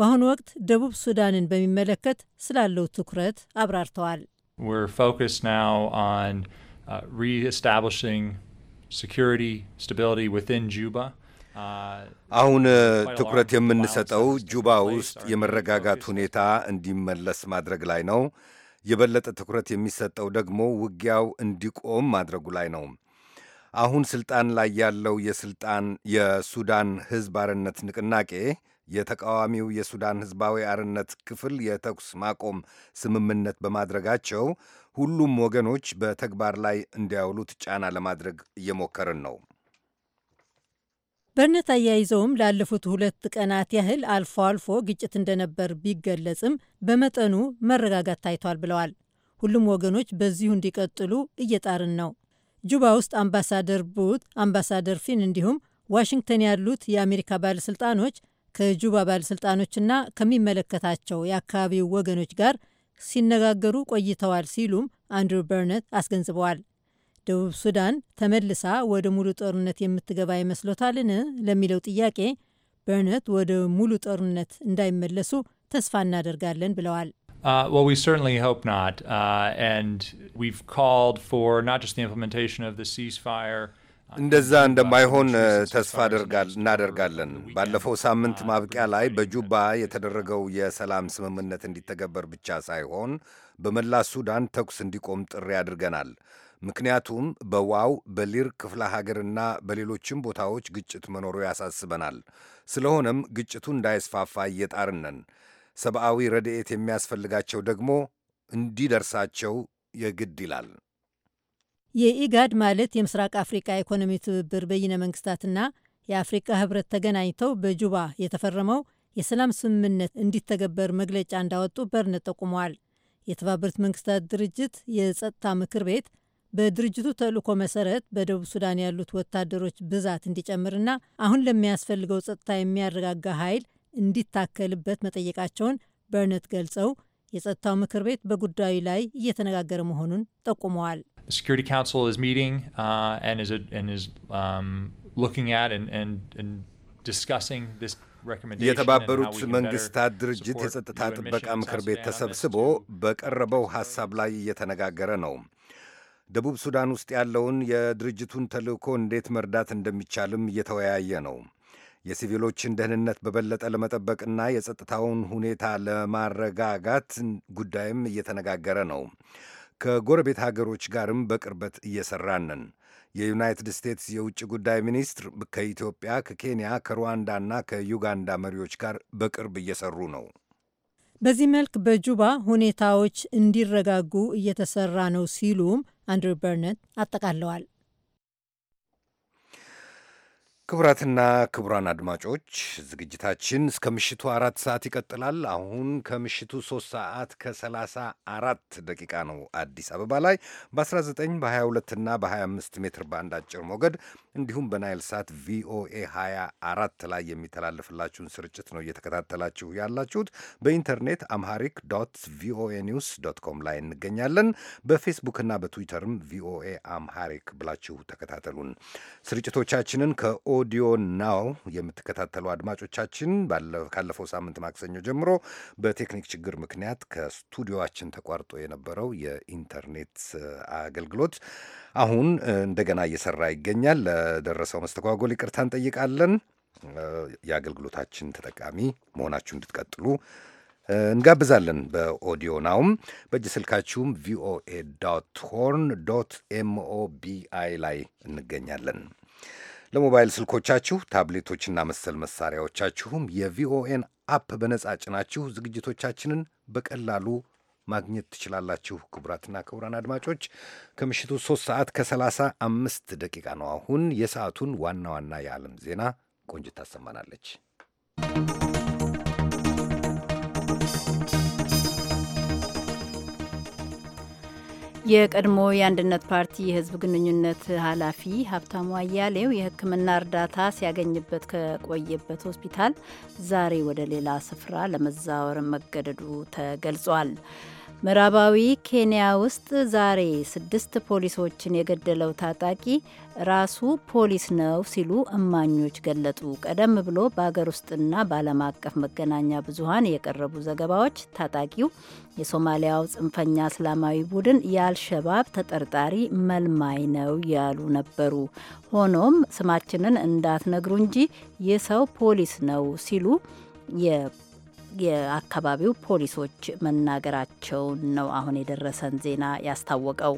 በአሁኑ ወቅት ደቡብ ሱዳንን በሚመለከት ስላለው ትኩረት አብራርተዋል። uh, uh, አሁን uh, ትኩረት የምንሰጠው ጁባ ውስጥ የመረጋጋት ሁኔታ እንዲመለስ ማድረግ ላይ ነው። የበለጠ ትኩረት የሚሰጠው ደግሞ ውጊያው እንዲቆም ማድረጉ ላይ ነው። አሁን ስልጣን ላይ ያለው የስልጣን የሱዳን ህዝብ አርነት ንቅናቄ የተቃዋሚው የሱዳን ህዝባዊ አርነት ክፍል የተኩስ ማቆም ስምምነት በማድረጋቸው ሁሉም ወገኖች በተግባር ላይ እንዲያውሉት ጫና ለማድረግ እየሞከርን ነው። በርነት አያይዘውም ላለፉት ሁለት ቀናት ያህል አልፎ አልፎ ግጭት እንደነበር ቢገለጽም በመጠኑ መረጋጋት ታይቷል ብለዋል። ሁሉም ወገኖች በዚሁ እንዲቀጥሉ እየጣርን ነው። ጁባ ውስጥ አምባሳደር ቡት፣ አምባሳደር ፊን እንዲሁም ዋሽንግተን ያሉት የአሜሪካ ባለሥልጣኖች ከጁባ ባለሥልጣኖችና ከሚመለከታቸው የአካባቢው ወገኖች ጋር ሲነጋገሩ ቆይተዋል ሲሉም አንድሩ በርነት አስገንዝበዋል። ደቡብ ሱዳን ተመልሳ ወደ ሙሉ ጦርነት የምትገባ ይመስሎታልን? ለሚለው ጥያቄ በርነት ወደ ሙሉ ጦርነት እንዳይመለሱ ተስፋ እናደርጋለን ብለዋል። uh, uh, uh, እንደዛ እንደማይሆን ተስፋ እናደርጋለን። ባለፈው ሳምንት ማብቂያ ላይ በጁባ የተደረገው የሰላም ስምምነት እንዲተገበር ብቻ ሳይሆን በመላ ሱዳን ተኩስ እንዲቆም ጥሪ አድርገናል። ምክንያቱም በዋው በሊር ክፍለ ሀገርና በሌሎችም ቦታዎች ግጭት መኖሩ ያሳስበናል። ስለሆነም ግጭቱ እንዳይስፋፋ እየጣርነን ሰብአዊ ረድኤት የሚያስፈልጋቸው ደግሞ እንዲደርሳቸው የግድ ይላል። የኢጋድ ማለት የምስራቅ አፍሪቃ ኢኮኖሚ ትብብር በይነ መንግስታትና የአፍሪቃ ህብረት ተገናኝተው በጁባ የተፈረመው የሰላም ስምምነት እንዲተገበር መግለጫ እንዳወጡ በርነት ጠቁመዋል። የተባበሩት መንግስታት ድርጅት የጸጥታ ምክር ቤት በድርጅቱ ተልእኮ መሰረት በደቡብ ሱዳን ያሉት ወታደሮች ብዛት እንዲጨምርና አሁን ለሚያስፈልገው ጸጥታ የሚያረጋጋ ኃይል እንዲታከልበት መጠየቃቸውን በርነት ገልጸው የጸጥታው ምክር ቤት በጉዳዩ ላይ እየተነጋገረ መሆኑን ጠቁመዋል። የተባበሩት መንግስታት ድርጅት የጸጥታ ጥበቃ ምክር ቤት ተሰብስቦ በቀረበው ሐሳብ ላይ እየተነጋገረ ነው። ደቡብ ሱዳን ውስጥ ያለውን የድርጅቱን ተልእኮ እንዴት መርዳት እንደሚቻልም እየተወያየ ነው። የሲቪሎችን ደህንነት በበለጠ ለመጠበቅና የጸጥታውን ሁኔታ ለማረጋጋት ጉዳይም እየተነጋገረ ነው። ከጎረቤት ሀገሮች ጋርም በቅርበት እየሰራንን የዩናይትድ ስቴትስ የውጭ ጉዳይ ሚኒስትር ከኢትዮጵያ፣ ከኬንያ፣ ከሩዋንዳና ከዩጋንዳ መሪዎች ጋር በቅርብ እየሰሩ ነው። በዚህ መልክ በጁባ ሁኔታዎች እንዲረጋጉ እየተሰራ ነው ሲሉም አንድሪው በርነት አጠቃለዋል። ክቡራትና ክቡራን አድማጮች ዝግጅታችን እስከ ምሽቱ አራት ሰዓት ይቀጥላል። አሁን ከምሽቱ ሶስት ሰዓት ከሰላሳ አራት ደቂቃ ነው አዲስ አበባ ላይ በ19 በ22 እና በ25 ሜትር ባንድ አጭር ሞገድ እንዲሁም በናይል ሳት ቪኦኤ 24 ላይ የሚተላለፍላችሁን ስርጭት ነው እየተከታተላችሁ ያላችሁት። በኢንተርኔት አምሃሪክ ዶት ቪኦኤ ኒውስ ዶት ኮም ላይ እንገኛለን። በፌስቡክና በትዊተርም ቪኦኤ አምሃሪክ ብላችሁ ተከታተሉን። ስርጭቶቻችንን ከኦ ኦዲዮ ናው የምትከታተሉ አድማጮቻችን ካለፈው ሳምንት ማክሰኞ ጀምሮ በቴክኒክ ችግር ምክንያት ከስቱዲዮችን ተቋርጦ የነበረው የኢንተርኔት አገልግሎት አሁን እንደገና እየሰራ ይገኛል። ለደረሰው መስተጓጎል ይቅርታ እንጠይቃለን። የአገልግሎታችን ተጠቃሚ መሆናችሁ እንድትቀጥሉ እንጋብዛለን። በኦዲዮ ናውም በእጅ ስልካችሁም ቪኦኤ ዶት ሆርን ዶት ኤምኦቢአይ ላይ እንገኛለን። ለሞባይል ስልኮቻችሁ ታብሌቶችና መሰል መሳሪያዎቻችሁም የቪኦኤን አፕ በነጻ ጭናችሁ ዝግጅቶቻችንን በቀላሉ ማግኘት ትችላላችሁ። ክቡራትና ክቡራን አድማጮች ከምሽቱ 3 ሰዓት ከ አምስት ደቂቃ ነው። አሁን የሰዓቱን ዋና ዋና የዓለም ዜና ቆንጅት ታሰማናለች። የቀድሞ የአንድነት ፓርቲ የህዝብ ግንኙነት ኃላፊ ሀብታሙ አያሌው የሕክምና እርዳታ ሲያገኝበት ከቆየበት ሆስፒታል ዛሬ ወደ ሌላ ስፍራ ለመዛወር መገደዱ ተገልጿል። ምዕራባዊ ኬንያ ውስጥ ዛሬ ስድስት ፖሊሶችን የገደለው ታጣቂ ራሱ ፖሊስ ነው ሲሉ እማኞች ገለጡ። ቀደም ብሎ በአገር ውስጥና በዓለም አቀፍ መገናኛ ብዙኃን የቀረቡ ዘገባዎች ታጣቂው የሶማሊያው ጽንፈኛ እስላማዊ ቡድን የአልሸባብ ተጠርጣሪ መልማይ ነው ያሉ ነበሩ። ሆኖም ስማችንን እንዳትነግሩ እንጂ ይህ ሰው ፖሊስ ነው ሲሉ የአካባቢው ፖሊሶች መናገራቸውን ነው አሁን የደረሰን ዜና ያስታወቀው።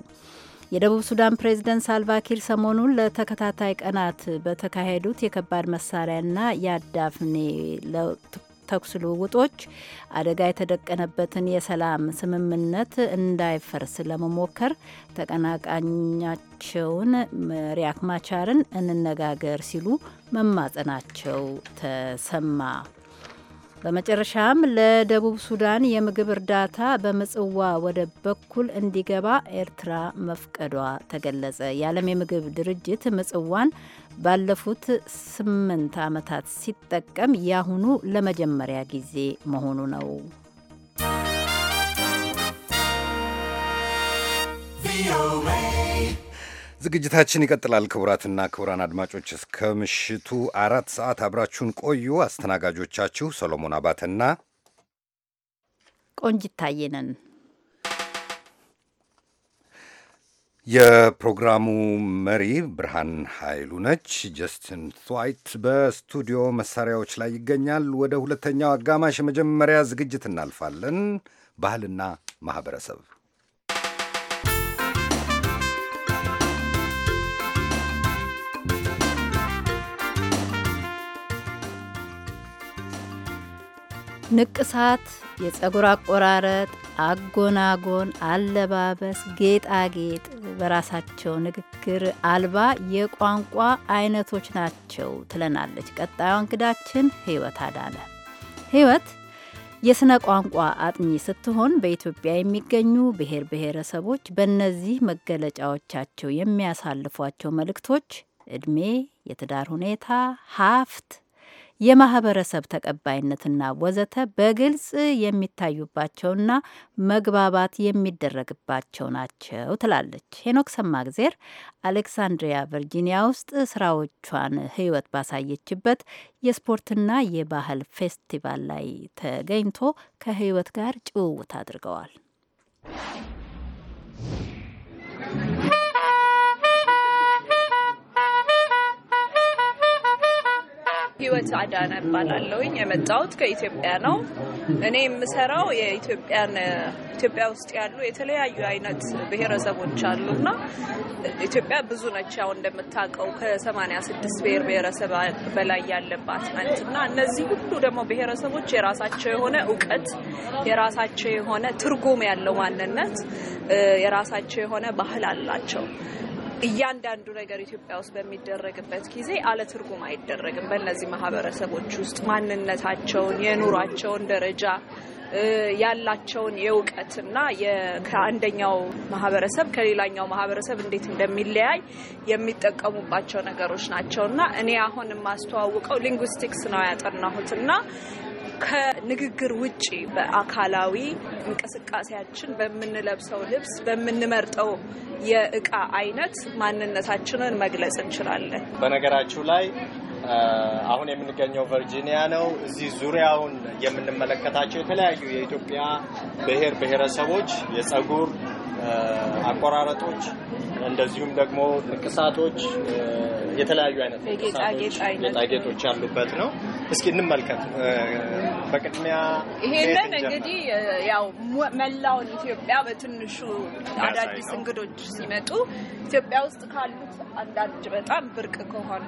የደቡብ ሱዳን ፕሬዝደንት ሳልቫኪር ሰሞኑን ለተከታታይ ቀናት በተካሄዱት የከባድ መሳሪያና የአዳፍኔ ተኩስ ልውውጦች አደጋ የተደቀነበትን የሰላም ስምምነት እንዳይፈርስ ለመሞከር ተቀናቃኛቸውን ሪያክ ማቻርን እንነጋገር ሲሉ መማጸናቸው ተሰማ። በመጨረሻም ለደቡብ ሱዳን የምግብ እርዳታ በምጽዋ ወደብ በኩል እንዲገባ ኤርትራ መፍቀዷ ተገለጸ። የዓለም የምግብ ድርጅት ምጽዋን ባለፉት ስምንት ዓመታት ሲጠቀም ያሁኑ ለመጀመሪያ ጊዜ መሆኑ ነው። ቪኦኤ ዝግጅታችን ይቀጥላል። ክቡራትና ክቡራን አድማጮች እስከ ምሽቱ አራት ሰዓት አብራችሁን ቆዩ። አስተናጋጆቻችሁ ሰሎሞን አባተና ቆንጂት ታየ ነን። የፕሮግራሙ መሪ ብርሃን ኃይሉ ነች። ጀስትን ትዋይት በስቱዲዮ መሳሪያዎች ላይ ይገኛል። ወደ ሁለተኛው አጋማሽ የመጀመሪያ ዝግጅት እናልፋለን። ባህልና ማህበረሰብ ንቅሳት፣ የፀጉር አቆራረጥ፣ አጎናጎን፣ አለባበስ፣ ጌጣጌጥ በራሳቸው ንግግር አልባ የቋንቋ አይነቶች ናቸው ትለናለች ቀጣዩ እንግዳችን ህይወት አዳነ። ህይወት የሥነ ቋንቋ አጥኚ ስትሆን በኢትዮጵያ የሚገኙ ብሔር ብሔረሰቦች በእነዚህ መገለጫዎቻቸው የሚያሳልፏቸው መልእክቶች ዕድሜ፣ የትዳር ሁኔታ፣ ሀፍት የማህበረሰብ ተቀባይነትና ወዘተ በግልጽ የሚታዩባቸውና መግባባት የሚደረግባቸው ናቸው ትላለች። ሄኖክ ሰማግዜር አሌክሳንድሪያ ቨርጂኒያ ውስጥ ስራዎቿን ህይወት ባሳየችበት የስፖርትና የባህል ፌስቲቫል ላይ ተገኝቶ ከህይወት ጋር ጭውውት አድርገዋል። ህይወት አዳነ እባላለሁኝ። የመጣሁት ከኢትዮጵያ ነው። እኔ የምሰራው የኢትዮጵያን ኢትዮጵያ ውስጥ ያሉ የተለያዩ አይነት ብሔረሰቦች አሉና ኢትዮጵያ ብዙ ነች። ያው እንደምታውቀው ከሰማንያ ስድስት ብሔር ብሔረሰብ በላይ ያለባት ማለት እና እነዚህ ሁሉ ደግሞ ብሔረሰቦች የራሳቸው የሆነ እውቀት፣ የራሳቸው የሆነ ትርጉም ያለው ማንነት፣ የራሳቸው የሆነ ባህል አላቸው። እያንዳንዱ ነገር ኢትዮጵያ ውስጥ በሚደረግበት ጊዜ አለ ትርጉም አይደረግም። በእነዚህ ማህበረሰቦች ውስጥ ማንነታቸውን፣ የኑሯቸውን ደረጃ ያላቸውን የእውቀትና ከአንደኛው ማህበረሰብ ከሌላኛው ማህበረሰብ እንዴት እንደሚለያይ የሚጠቀሙባቸው ነገሮች ናቸው እና እኔ አሁን የማስተዋውቀው ሊንጉስቲክስ ነው ያጠናሁትና ከንግግር ውጭ በአካላዊ እንቅስቃሴያችን፣ በምንለብሰው ልብስ፣ በምንመርጠው የእቃ አይነት ማንነታችንን መግለጽ እንችላለን። በነገራችሁ ላይ አሁን የምንገኘው ቨርጂኒያ ነው። እዚህ ዙሪያውን የምንመለከታቸው የተለያዩ የኢትዮጵያ ብሔር ብሔረሰቦች የጸጉር አቆራረጦች እንደዚሁም ደግሞ ንቅሳቶች፣ የተለያዩ አይነት ጌጣጌጦች ያሉበት ነው። እስኪ እንመልከት በቅድሚያ ይሄንን እንግዲህ ያው መላውን ኢትዮጵያ በትንሹ አዳዲስ እንግዶች ሲመጡ ኢትዮጵያ ውስጥ ካሉት አንዳንድ በጣም ብርቅ ከሆኑ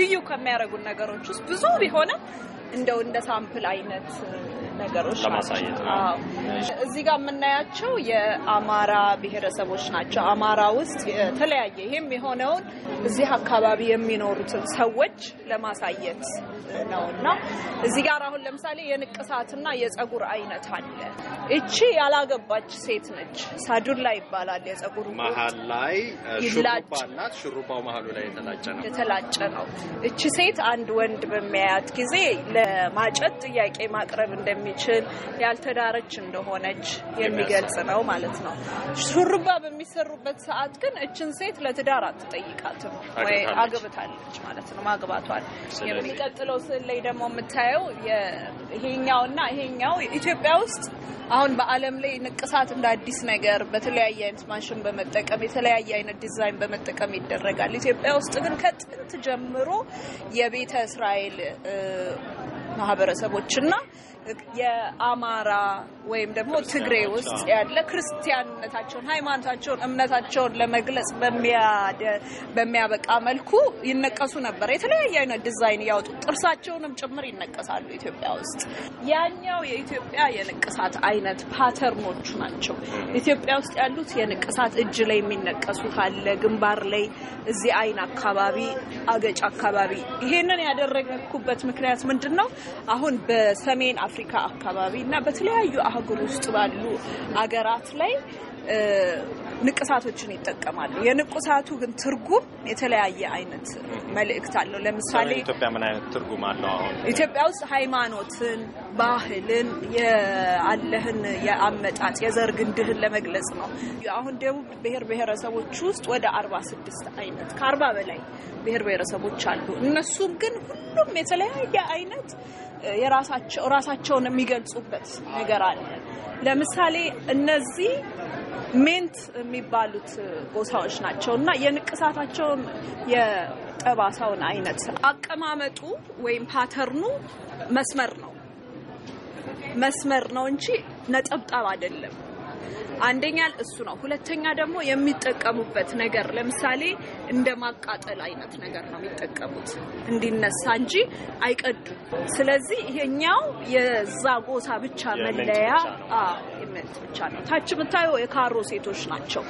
ልዩ ከሚያደርጉን ነገሮች ውስጥ ብዙ ቢሆንም እንደው እንደ ሳምፕል አይነት ነገሮች ለማሳየት እዚህ ጋር የምናያቸው የአማራ ብሔረሰቦች ናቸው። አማራ ውስጥ የተለያየ ይህም የሆነውን እዚህ አካባቢ የሚኖሩትን ሰዎች ለማሳየት ነው እና እዚህ ጋር አሁን ለምሳሌ የንቅሳትና የጸጉር አይነት አለ። እቺ ያላገባች ሴት ነች። ሳዱላ ይባላል የጸጉር መሀል ላይ ሹሩባላት ሹሩባው መሀሉ ላይ የተላጨ ነው የተላጨ ነው። እቺ ሴት አንድ ወንድ በሚያያት ጊዜ ለማጨት ጥያቄ ማቅረብ እንደሚ የሚችል ያልተዳረች እንደሆነች የሚገልጽ ነው ማለት ነው። ሹሩባ በሚሰሩበት ሰዓት ግን እችን ሴት ለትዳር አትጠይቃትም ወይ አግብታለች ማለት ነው ማግባቷል። የሚቀጥለው ስዕል ላይ ደግሞ የምታየው ይሄኛውና ይሄኛው ኢትዮጵያ ውስጥ አሁን በዓለም ላይ ንቅሳት እንደ አዲስ ነገር በተለያየ አይነት ማሽን በመጠቀም የተለያየ አይነት ዲዛይን በመጠቀም ይደረጋል። ኢትዮጵያ ውስጥ ግን ከጥንት ጀምሮ የቤተ እስራኤል ማህበረሰቦችና የአማራ ወይም ደግሞ ትግሬ ውስጥ ያለ ክርስቲያንነታቸውን፣ ሃይማኖታቸውን፣ እምነታቸውን ለመግለጽ በሚያበቃ መልኩ ይነቀሱ ነበር። የተለያየ አይነት ዲዛይን እያወጡ ጥርሳቸውንም ጭምር ይነቀሳሉ ኢትዮጵያ ውስጥ። ያኛው የኢትዮጵያ የንቅሳት አይነት ፓተርኖቹ ናቸው። ኢትዮጵያ ውስጥ ያሉት የንቅሳት እጅ ላይ የሚነቀሱት አለ፣ ግንባር ላይ፣ እዚህ አይን አካባቢ፣ አገጭ አካባቢ። ይሄንን ያደረግኩበት ምክንያት ምንድን ነው? አሁን በሰሜን አፍሪካ አካባቢ እና በተለያዩ አህጉር ውስጥ ባሉ አገራት ላይ ንቅሳቶችን ይጠቀማሉ። የንቁሳቱ ግን ትርጉም የተለያየ አይነት መልእክት አለው። ለምሳሌ ኢትዮጵያ ምን አይነት ትርጉም አለው? አሁን ኢትዮጵያ ውስጥ ሃይማኖትን፣ ባህልን፣ የአለህን የአመጣጥ የዘር ግንድህን ለመግለጽ ነው። አሁን ደቡብ ብሔር ብሔረሰቦች ውስጥ ወደ አርባ ስድስት አይነት ከአርባ በላይ ብሔር ብሔረሰቦች አሉ። እነሱም ግን ሁሉም የተለያየ አይነት የራሳቸው ራሳቸውን የሚገልጹበት ነገር አለ። ለምሳሌ እነዚህ ሜንት የሚባሉት ጎሳዎች ናቸው እና የንቅሳታቸውን የጠባሳውን አይነት አቀማመጡ ወይም ፓተርኑ መስመር ነው መስመር ነው እንጂ ነጠብጣብ አይደለም። አንደኛ እሱ ነው። ሁለተኛ ደግሞ የሚጠቀሙበት ነገር ለምሳሌ እንደ ማቃጠል አይነት ነገር ነው የሚጠቀሙት እንዲነሳ እንጂ አይቀዱም። ስለዚህ ይሄኛው የዛ ጎሳ ብቻ መለያ የመልት ብቻ ነው። ታች የምታየው የካሮ ሴቶች ናቸው።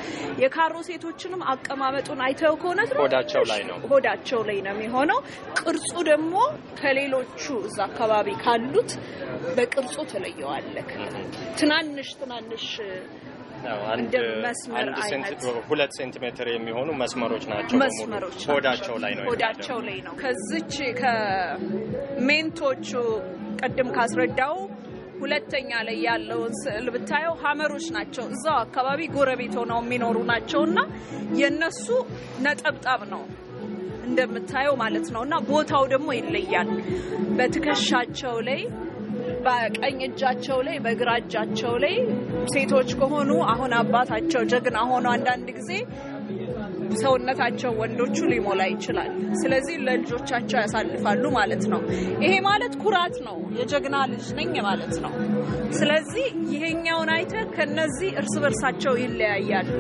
የካሮ ሴቶችንም አቀማመጡን አይተው ከሆነ ሆዳቸው ላይ ነው ሆዳቸው ላይ ነው የሚሆነው። ቅርጹ ደግሞ ከሌሎቹ እዛ አካባቢ ካሉት በቅርጹ ተለየዋለክ ትናንሽ ትናንሽ ሁለት ሴንቲሜትር የሚሆኑ መስመሮች ናቸው። መስመሮች ሆዳቸው ላይ ነው ሆዳቸው ላይ ነው። ከዚች ከሜንቶቹ ቅድም ካስረዳው ሁለተኛ ላይ ያለውን ስዕል ብታየው ሀመሮች ናቸው። እዛው አካባቢ ጎረቤት ሆነው የሚኖሩ ናቸው እና የእነሱ ነጠብጣብ ነው እንደምታየው ማለት ነው። እና ቦታው ደግሞ ይለያል። በትከሻቸው ላይ፣ በቀኝ እጃቸው ላይ፣ በግራ እጃቸው ላይ ሴቶች ከሆኑ አሁን አባታቸው ጀግና ሆኖ አንዳንድ ጊዜ ሰውነታቸው ወንዶቹ ሊሞላ ይችላል። ስለዚህ ለልጆቻቸው ያሳልፋሉ ማለት ነው። ይሄ ማለት ኩራት ነው። የጀግና ልጅ ነኝ ማለት ነው። ስለዚህ ይሄኛውን አይተ ከነዚህ እርስ በርሳቸው ይለያያሉ።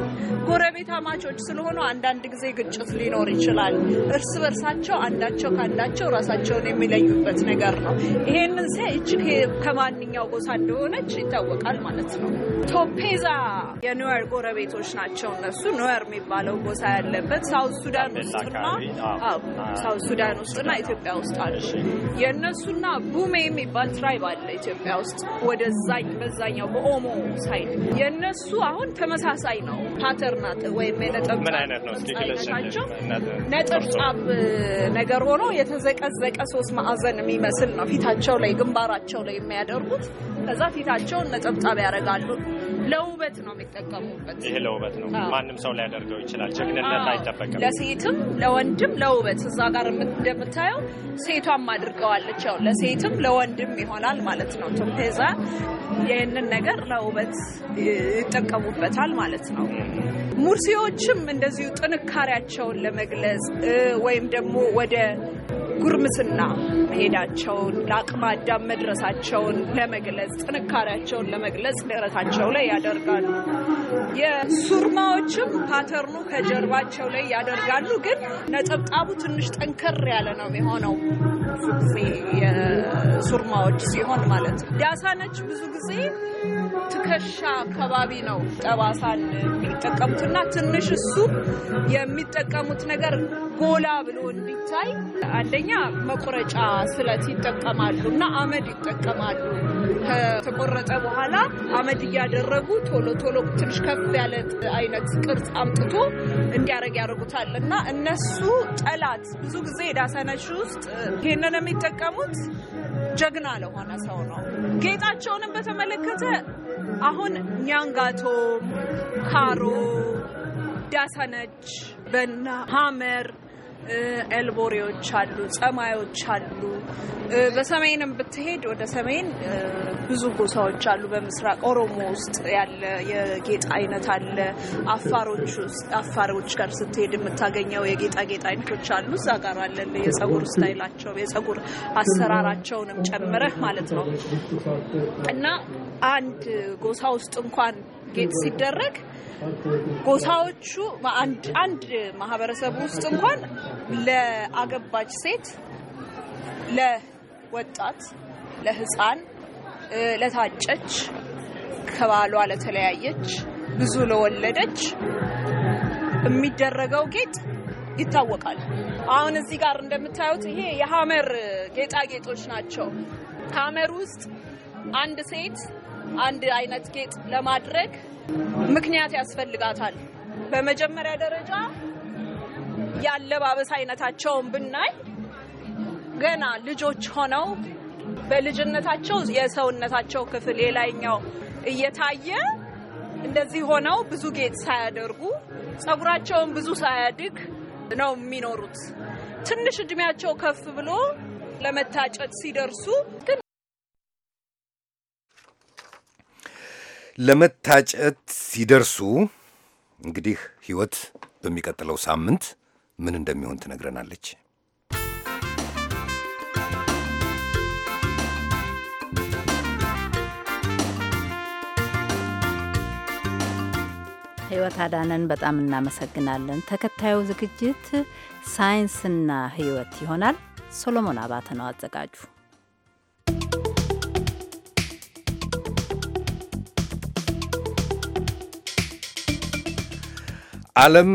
ጎረቤት አማቾች ስለሆኑ አንዳንድ ጊዜ ግጭት ሊኖር ይችላል። እርስ በርሳቸው አንዳቸው ከአንዳቸው ራሳቸውን የሚለዩበት ነገር ነው። ይሄንን ሲያ እጅግ ከማንኛው ጎሳ እንደሆነች ይታወቃል ማለት ነው። ቶፔዛ የኑዌር ጎረቤቶች ናቸው። እነሱ ኑዌር የሚባለው ጎሳ ያለበት ሳውዝ ሱዳን ውስጥና ሳውዝ ሱዳን ውስጥና ኢትዮጵያ ውስጥ አለ። የእነሱና ቡሜ የሚባል ትራይብ አለ ኢትዮጵያ ውስጥ ወደዛኝ በዛኛው በኦሞ ሳይድ የእነሱ አሁን ተመሳሳይ ነው። ፓተርና ወይም የነጥብ ጫቸው ነጥብ ነገር ሆኖ የተዘቀዘቀ ሶስት ማዕዘን የሚመስል ነው ፊታቸው ላይ ግንባራቸው ላይ የሚያደርጉት ከዛ ፊታቸውን ነጠብጣብ ያደርጋሉ። ለውበት ነው የሚጠቀሙበት። ይሄ ለውበት ነው፣ ማንም ሰው ሊያደርገው ይችላል። ጀግንነት አይጠበቅም። ለሴትም ለወንድም ለውበት እዛ ጋር እንደምታየው ሴቷም አድርገዋለች። ያው ለሴትም ለወንድም ይሆናል ማለት ነው። ቱርፔዛ ይህንን ነገር ለውበት ይጠቀሙበታል ማለት ነው። ሙርሲዎችም እንደዚሁ ጥንካሬያቸውን ለመግለጽ ወይም ደግሞ ወደ ጉርምስና መሄዳቸውን ለአቅመ አዳም መድረሳቸውን ለመግለጽ ጥንካሬያቸውን ለመግለጽ ደረታቸው ላይ ያደርጋሉ። የሱርማዎችም ፓተርኑ ከጀርባቸው ላይ ያደርጋሉ። ግን ነጠብጣቡ ትንሽ ጠንከር ያለ ነው የሆነው የሱርማዎች ሲሆን ማለት ነው። ዳሳነች ብዙ ጊዜ ትከሻ አካባቢ ነው ጠባሳን የሚጠቀሙትና ትንሽ እሱ የሚጠቀሙት ነገር ጎላ ብሎ እንዲታይ አንደኛ መቁረጫ ስለት ይጠቀማሉ እና አመድ ይጠቀማሉ። ከተቆረጠ በኋላ አመድ እያደረጉ ቶሎ ቶሎ ትንሽ ከፍ ያለ አይነት ቅርጽ አምጥቶ እንዲያደርግ ያደርጉታል እና እነሱ ጠላት ብዙ ጊዜ ዳሰነች ውስጥ ይሄንን የሚጠቀሙት ጀግና ለሆነ ሰው ነው። ጌጣቸውንም በተመለከተ አሁን ኛንጋቶ፣ ካሮ፣ ዳሰነች፣ በና ሀመር ኤልቦሬዎች አሉ፣ ጸማዮች አሉ። በሰሜንም ብትሄድ ወደ ሰሜን ብዙ ጎሳዎች አሉ። በምስራቅ ኦሮሞ ውስጥ ያለ የጌጥ አይነት አለ። አፋሮች ውስጥ አፋሮች ጋር ስትሄድ የምታገኘው የጌጣጌጥ አይነቶች አሉ። እዛ ጋር አለ የጸጉር ስታይላቸው የጸጉር አሰራራቸውንም ጨምረህ ማለት ነው እና አንድ ጎሳ ውስጥ እንኳን ጌጥ ሲደረግ ጎሳዎቹ አንድ ማህበረሰብ ውስጥ እንኳን ለአገባች ሴት፣ ለወጣት፣ ለህፃን፣ ለታጨች፣ ከባሏ ለተለያየች፣ ብዙ ለወለደች የሚደረገው ጌጥ ይታወቃል። አሁን እዚህ ጋር እንደምታዩት ይሄ የሀመር ጌጣጌጦች ናቸው። ሀመር ውስጥ አንድ ሴት አንድ አይነት ጌጥ ለማድረግ ምክንያት ያስፈልጋታል። በመጀመሪያ ደረጃ የአለባበስ አይነታቸውን ብናይ ገና ልጆች ሆነው በልጅነታቸው የሰውነታቸው ክፍል የላይኛው እየታየ እንደዚህ ሆነው ብዙ ጌጥ ሳያደርጉ ጸጉራቸውን ብዙ ሳያድግ ነው የሚኖሩት። ትንሽ እድሜያቸው ከፍ ብሎ ለመታጨት ሲደርሱ ግን ለመታጨት ሲደርሱ እንግዲህ ህይወት በሚቀጥለው ሳምንት ምን እንደሚሆን ትነግረናለች። ህይወት አዳነን በጣም እናመሰግናለን። ተከታዩ ዝግጅት ሳይንስና ህይወት ይሆናል። ሶሎሞን አባተ ነው አዘጋጁ። ዓለም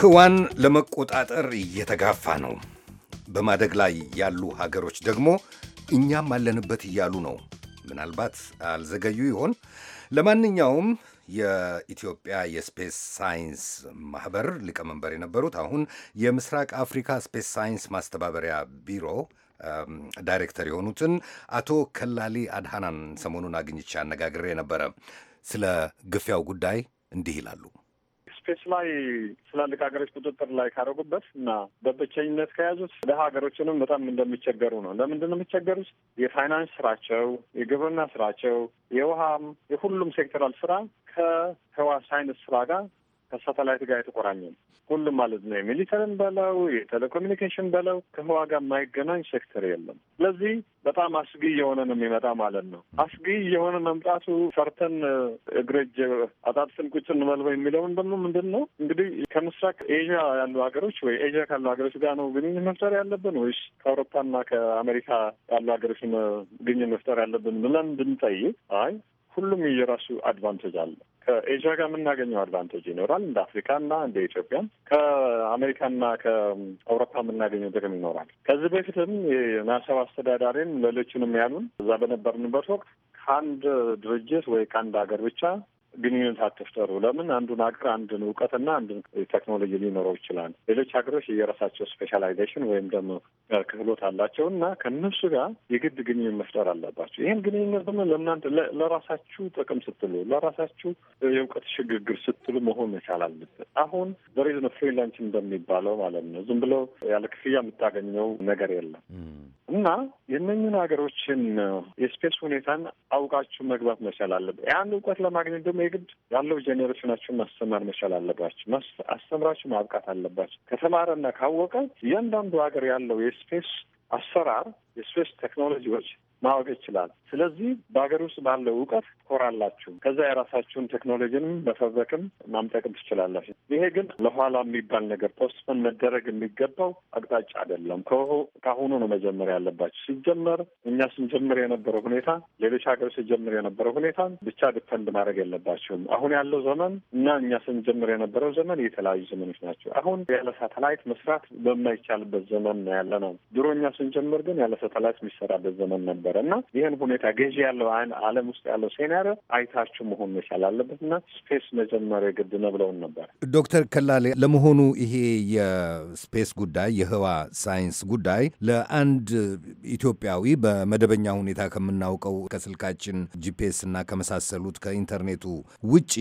ህዋን ለመቆጣጠር እየተጋፋ ነው። በማደግ ላይ ያሉ ሀገሮች ደግሞ እኛም አለንበት እያሉ ነው። ምናልባት አልዘገዩ ይሆን? ለማንኛውም የኢትዮጵያ የስፔስ ሳይንስ ማህበር ሊቀመንበር የነበሩት አሁን የምስራቅ አፍሪካ ስፔስ ሳይንስ ማስተባበሪያ ቢሮ ዳይሬክተር የሆኑትን አቶ ከላሊ አድሃናን ሰሞኑን አግኝቼ አነጋግሬ ነበረ። ስለ ግፊያው ጉዳይ እንዲህ ይላሉ። ኬስ ላይ ትላልቅ ሀገሮች ቁጥጥር ላይ ካደረጉበት እና በብቸኝነት ከያዙት ደሀ ሀገሮችንም በጣም እንደሚቸገሩ ነው። ለምንድን ነው የሚቸገሩት? የፋይናንስ ስራቸው፣ የግብርና ስራቸው፣ የውሃም የሁሉም ሴክተራል ስራ ከህዋ ሳይንስ ስራ ጋር ከሳተላይት ጋር የተቆራኘ ሁሉም ማለት ነው የሚሊተሪን በለው የቴሌኮሚኒኬሽን በለው ከህዋ ጋር የማይገናኝ ሴክተር የለም። ስለዚህ በጣም አስጊ የሆነ ነው የሚመጣ ማለት ነው። አስጊ እየሆነ መምጣቱ ፈርተን እግረጅ አጣጥፍን ቁጭ እንበልበው የሚለውን ደግሞ ምንድን ነው እንግዲህ ከምስራቅ ኤዥያ ያሉ ሀገሮች ወይ ኤዥያ ካሉ ሀገሮች ጋር ነው ግንኙነት መፍጠር ያለብን ወይስ ከአውሮፓና ከአሜሪካ ያሉ ሀገሮች ግንኙነት መፍጠር ያለብን ብለን ብንጠይቅ አይ ሁሉም የራሱ አድቫንቴጅ አለ። ከኤዥያ ጋር የምናገኘው አድቫንቴጅ ይኖራል። እንደ አፍሪካና እንደ ኢትዮጵያ ከአሜሪካና ከአውሮፓ የምናገኘው ጥቅም ይኖራል። ከዚህ በፊትም የናሳው አስተዳዳሪን ሌሎችንም ያሉን እዛ በነበርንበት ወቅት ከአንድ ድርጅት ወይ ከአንድ ሀገር ብቻ ግንኙነት አትፍጠሩ። ለምን አንዱን ሀገር አንድን እውቀትና አንድን ቴክኖሎጂ ሊኖረው ይችላል። ሌሎች ሀገሮች የየራሳቸው ስፔሻላይዜሽን ወይም ደግሞ ክህሎት አላቸው እና ከነሱ ጋር የግድ ግንኙነት መፍጠር አለባቸው። ይህን ግንኙነት ደግሞ ለእናንተ ለራሳችሁ ጥቅም ስትሉ፣ ለራሳችሁ የእውቀት ሽግግር ስትሉ መሆን መቻል አለበት። አሁን በሬዝ ፍሪላንች ፍሪላንስ እንደሚባለው ማለት ነው። ዝም ብለው ያለ ክፍያ የምታገኘው ነገር የለም እና የእነኝን ሀገሮችን የስፔስ ሁኔታን አውቃችሁ መግባት መቻል አለበት። እውቀት ለማግኘት ደግሞ የግድ ያለው ጄኔሬሽናችሁን ማስተማር መቻል አለባችሁ። አስተምራችሁ ማብቃት አለባችሁ። ከተማረና ካወቀ እያንዳንዱ ሀገር ያለው የስፔስ አሰራር የስፔስ ቴክኖሎጂዎች ማወቅ ይችላል። ስለዚህ በሀገር ውስጥ ባለው እውቀት ኮራላችሁ፣ ከዛ የራሳችሁን ቴክኖሎጂንም መፈበቅም ማምጠቅም ትችላላችሁ። ይሄ ግን ለኋላ የሚባል ነገር ፖስትፖን መደረግ የሚገባው አቅጣጫ አይደለም። ከአሁኑ ነው መጀመር ያለባቸው። ሲጀመር እኛ ስንጀምር የነበረው ሁኔታ፣ ሌሎች ሀገር ሲጀምር የነበረው ሁኔታ ብቻ ዲፐንድ ማድረግ የለባቸውም። አሁን ያለው ዘመን እና እኛ ስንጀምር የነበረው ዘመን የተለያዩ ዘመኖች ናቸው። አሁን ያለ ሳተላይት መስራት በማይቻልበት ዘመን ነው ያለ ነው። ድሮ እኛ ስንጀምር ግን ያለ ሳተላይት የሚሰራበት ዘመን ነበረ እና ይህን ሁኔታ ገዢ ያለው ዓለም ውስጥ ያለው ሴናሪዮ አይታችሁ መሆን መቻል አለበት እና ስፔስ መጀመሪያ ግድ ነው ብለውን ነበር ዶክተር ከላሌ። ለመሆኑ ይሄ የስፔስ ጉዳይ የህዋ ሳይንስ ጉዳይ ለአንድ ኢትዮጵያዊ በመደበኛ ሁኔታ ከምናውቀው ከስልካችን ጂፒኤስ እና ከመሳሰሉት ከኢንተርኔቱ ውጪ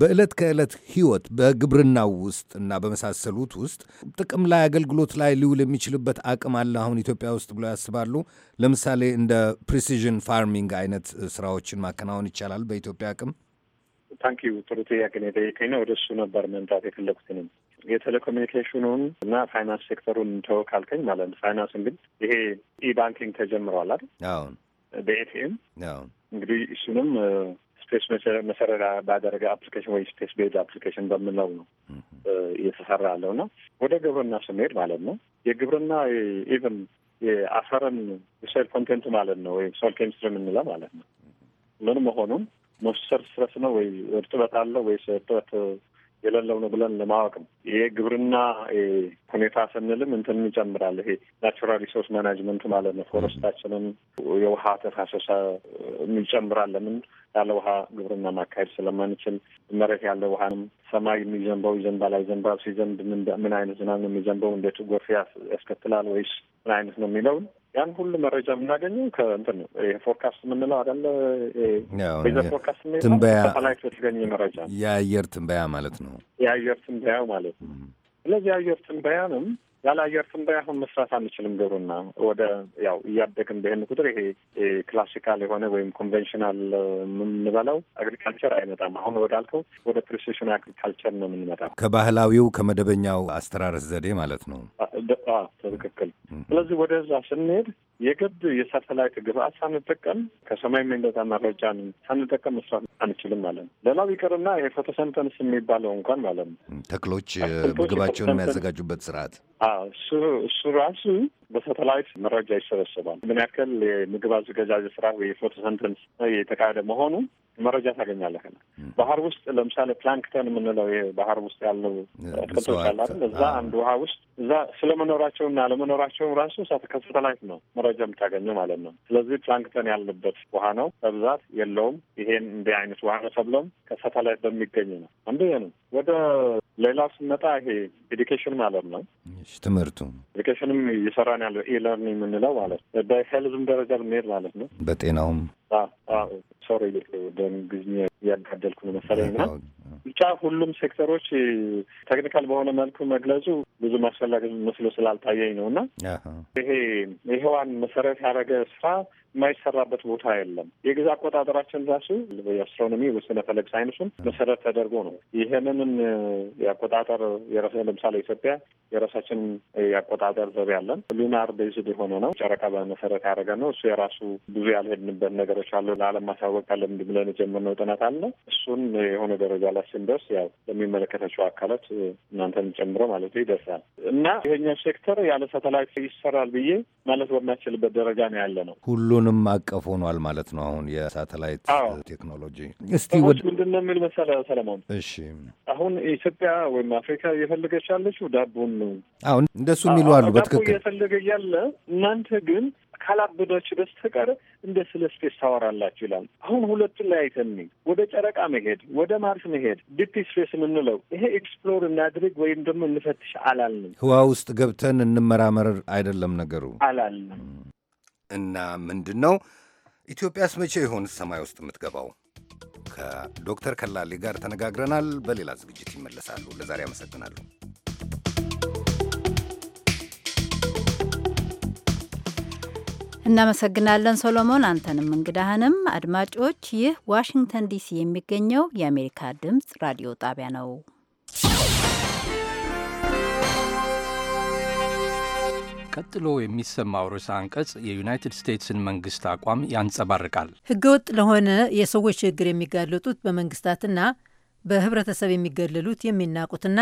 በዕለት ከዕለት ህይወት በግብርናው ውስጥ እና በመሳሰሉት ውስጥ ጥቅም ላይ አገልግሎት ላይ ሊውል የሚችልበት አቅም አለ አሁን ኢትዮጵያ ውስጥ ብለው ያስባሉ? አሉ? ለምሳሌ እንደ ፕሪሲዥን ፋርሚንግ አይነት ስራዎችን ማከናወን ይቻላል በኢትዮጵያ አቅም? ታንክ ዩ ጥሩ ጥያቄ ነው የጠየቀኝ ነው። ወደ እሱ ነበር መምጣት የፈለጉት የቴሌኮሚኒኬሽኑን እና ፋይናንስ ሴክተሩን ተወ ካልከኝ ማለት ነው። ፋይናንስ እንግዲህ ይሄ ኢ ባንኪንግ አይደል? አሁን በኤቲኤም እንግዲህ እሱንም ስፔስ መሰረት ባደረገ አፕሊኬሽን ወይ ስፔስ ቤዝ አፕሊኬሽን በምንለው ነው እየተሰራ ያለው እና ወደ ግብርና ስንሄድ ማለት ነው የግብርና ኢቨን የአፈርን የሶይል ኮንቴንት ማለት ነው ወይም ሶይል ኬሚስትሪ የምንለው ማለት ነው። ምን መሆኑን ሞይስቸር ስረስ ነው ወይ እርጥበት አለው ወይስ እርጥበት የሌለው ነው ብለን ለማወቅ ነው። ይሄ ግብርና ሁኔታ ስንልም እንትን ይጨምራል። ይሄ ናቹራል ሪሶርስ ማናጅመንት ማለት ነው። ፎረስታችንን የውሃ ተፋሰሳ ይጨምራል። ለምን ያለ ውሃ ግብርና ማካሄድ ስለማንችል መሬት ያለ ውሃንም ሰማይ የሚዘንበው ይዘንባል አይዘንባል፣ ሲዘንብ ምን አይነት ዝናብ ነው የሚዘንበው፣ እንዴት ጎርፍ ያስከትላል ወይስ ምን አይነት ነው የሚለውን ያን ሁሉ መረጃ የምናገኘው ከእንትን ነው። ይሄ ፎርካስት የምንለው አዳለ ቤዘር ፎርካስት ትንበያ ሳተላይት የተገኘ መረጃ የአየር ትንበያ ማለት ነው። የአየር ትንበያ ማለት ነው። ስለዚህ የአየር ትንበያንም ያለ አየር ትንበያ አሁን መስራት አንችልም። ግብርና ወደ ያው እያደግን በሄን ቁጥር ይሄ ክላሲካል የሆነ ወይም ኮንቬንሽናል የምንበላው አግሪካልቸር አይመጣም። አሁን ወዳልከው ወደ ፕሪሲሽን አግሪካልቸር ነው የምንመጣው፣ ከባህላዊው ከመደበኛው አስተራረስ ዘዴ ማለት ነው። ትክክል። ስለዚህ ወደዛ ስንሄድ የግድ የሳተላይት ግብአት ሳንጠቀም ከሰማይ የሚመጣ መረጃን ሳንጠቀም መስራት አንችልም ማለት ነው። ሌላው ይቅርና ይሄ ፎቶሰንተንስ የሚባለው እንኳን ማለት ነው ተክሎች ምግባቸውን የሚያዘጋጁበት ስርዓት Ah, Surasu በሳተላይት መረጃ ይሰበሰባል። ምን ያክል የምግብ አዘገጃጀ ስራ የፎቶሰንተንስ የተካሄደ መሆኑ መረጃ ታገኛለህ። ባህር ውስጥ ለምሳሌ ፕላንክተን የምንለው ይሄ ባህር ውስጥ ያለው አትክልቶች አላት። እዛ አንድ ውሃ ውስጥ እዛ ስለመኖራቸውና ለመኖራቸውም ራሱ ከሳተላይት ነው መረጃ የምታገኘው ማለት ነው። ስለዚህ ፕላንክተን ያለበት ውሃ ነው በብዛት የለውም። ይሄን እንዲህ አይነት ውሃ ነው ተብሎም ከሳተላይት በሚገኝ ነው። አንዱ ይሄ ነው። ወደ ሌላው ስንመጣ ይሄ ኤዱኬሽን ማለት ነው ትምህርቱ ኤዱኬሽንም እየሰራን ይመስለኛል። ኢለርኒንግ የምንለው ማለት በሄልዝም ደረጃ ብንሄድ ማለት ነው። በጤናውም ሶሪ ደን እንግሊዝኛ እያጋደልኩ ነው መሰለኝ እና ብቻ ሁሉም ሴክተሮች ቴክኒካል በሆነ መልኩ መግለጹ ብዙ ማስፈላጊ መስሎ ስላልታየኝ ነው እና ይሄ ይሄዋን መሰረት ያደረገ ስራ የማይሰራበት ቦታ የለም። የጊዜ አቆጣጠራችን ራሱ የአስትሮኖሚ ወስነ ፈለግ ሳይንሱን መሰረት ተደርጎ ነው። ይህንንም የአቆጣጠር ለምሳሌ ኢትዮጵያ የራሳችን የአቆጣጠር ዘብ ያለን ሉናር ቤዝድ የሆነ ነው። ጨረቃ በመሰረት ያደረገ ነው። እሱ የራሱ ብዙ ያልሄድንበት ነገሮች አሉ ለአለም ማሳወቅ እንታወቃለን ብለን የጀመርነው ጥናት አለ። እሱን የሆነ ደረጃ ላይ ስንደርስ ያው ለሚመለከታቸው አካላት እናንተን ጨምሮ ማለት ይደርሳል እና ይሄኛው ሴክተር ያለ ሳተላይት ይሰራል ብዬ ማለት በማይችልበት ደረጃ ነው ያለ ነው። ሁሉንም አቀፍ ሆኗል ማለት ነው። አሁን የሳተላይት ቴክኖሎጂ እስቲ ምንድን ነው የሚል መሰለህ ሰለሞን? እሺ አሁን ኢትዮጵያ ወይም አፍሪካ እየፈለገች ያለችው ዳቦን ነው። አሁን እንደሱ የሚሉ አሉ። በትክክል እየፈለገ እያለ እናንተ ግን ካላበዳችሁ በስተቀር እንደ ስለ ስፔስ ታወራላችሁ ይላል። አሁን ሁለቱን ላይ አይተን ወደ ጨረቃ መሄድ፣ ወደ ማርስ መሄድ ዲፕ ስፔስ የምንለው ይሄ ኤክስፕሎር እናድርግ ወይም ደግሞ እንፈትሽ አላልንም። ህዋ ውስጥ ገብተን እንመራመር አይደለም ነገሩ አላልንም። እና ምንድን ነው ኢትዮጵያስ መቼ ይሆን ሰማይ ውስጥ የምትገባው? ከዶክተር ከላሌ ጋር ተነጋግረናል። በሌላ ዝግጅት ይመለሳሉ። ለዛሬ አመሰግናለሁ። እናመሰግናለን ሶሎሞን፣ አንተንም እንግዳህንም። አድማጮች፣ ይህ ዋሽንግተን ዲሲ የሚገኘው የአሜሪካ ድምፅ ራዲዮ ጣቢያ ነው። ቀጥሎ የሚሰማው ርዕሰ አንቀጽ የዩናይትድ ስቴትስን መንግስት አቋም ያንጸባርቃል። ህገወጥ ለሆነ የሰዎች ችግር የሚጋለጡት በመንግስታትና በህብረተሰብ የሚገለሉት የሚናቁትና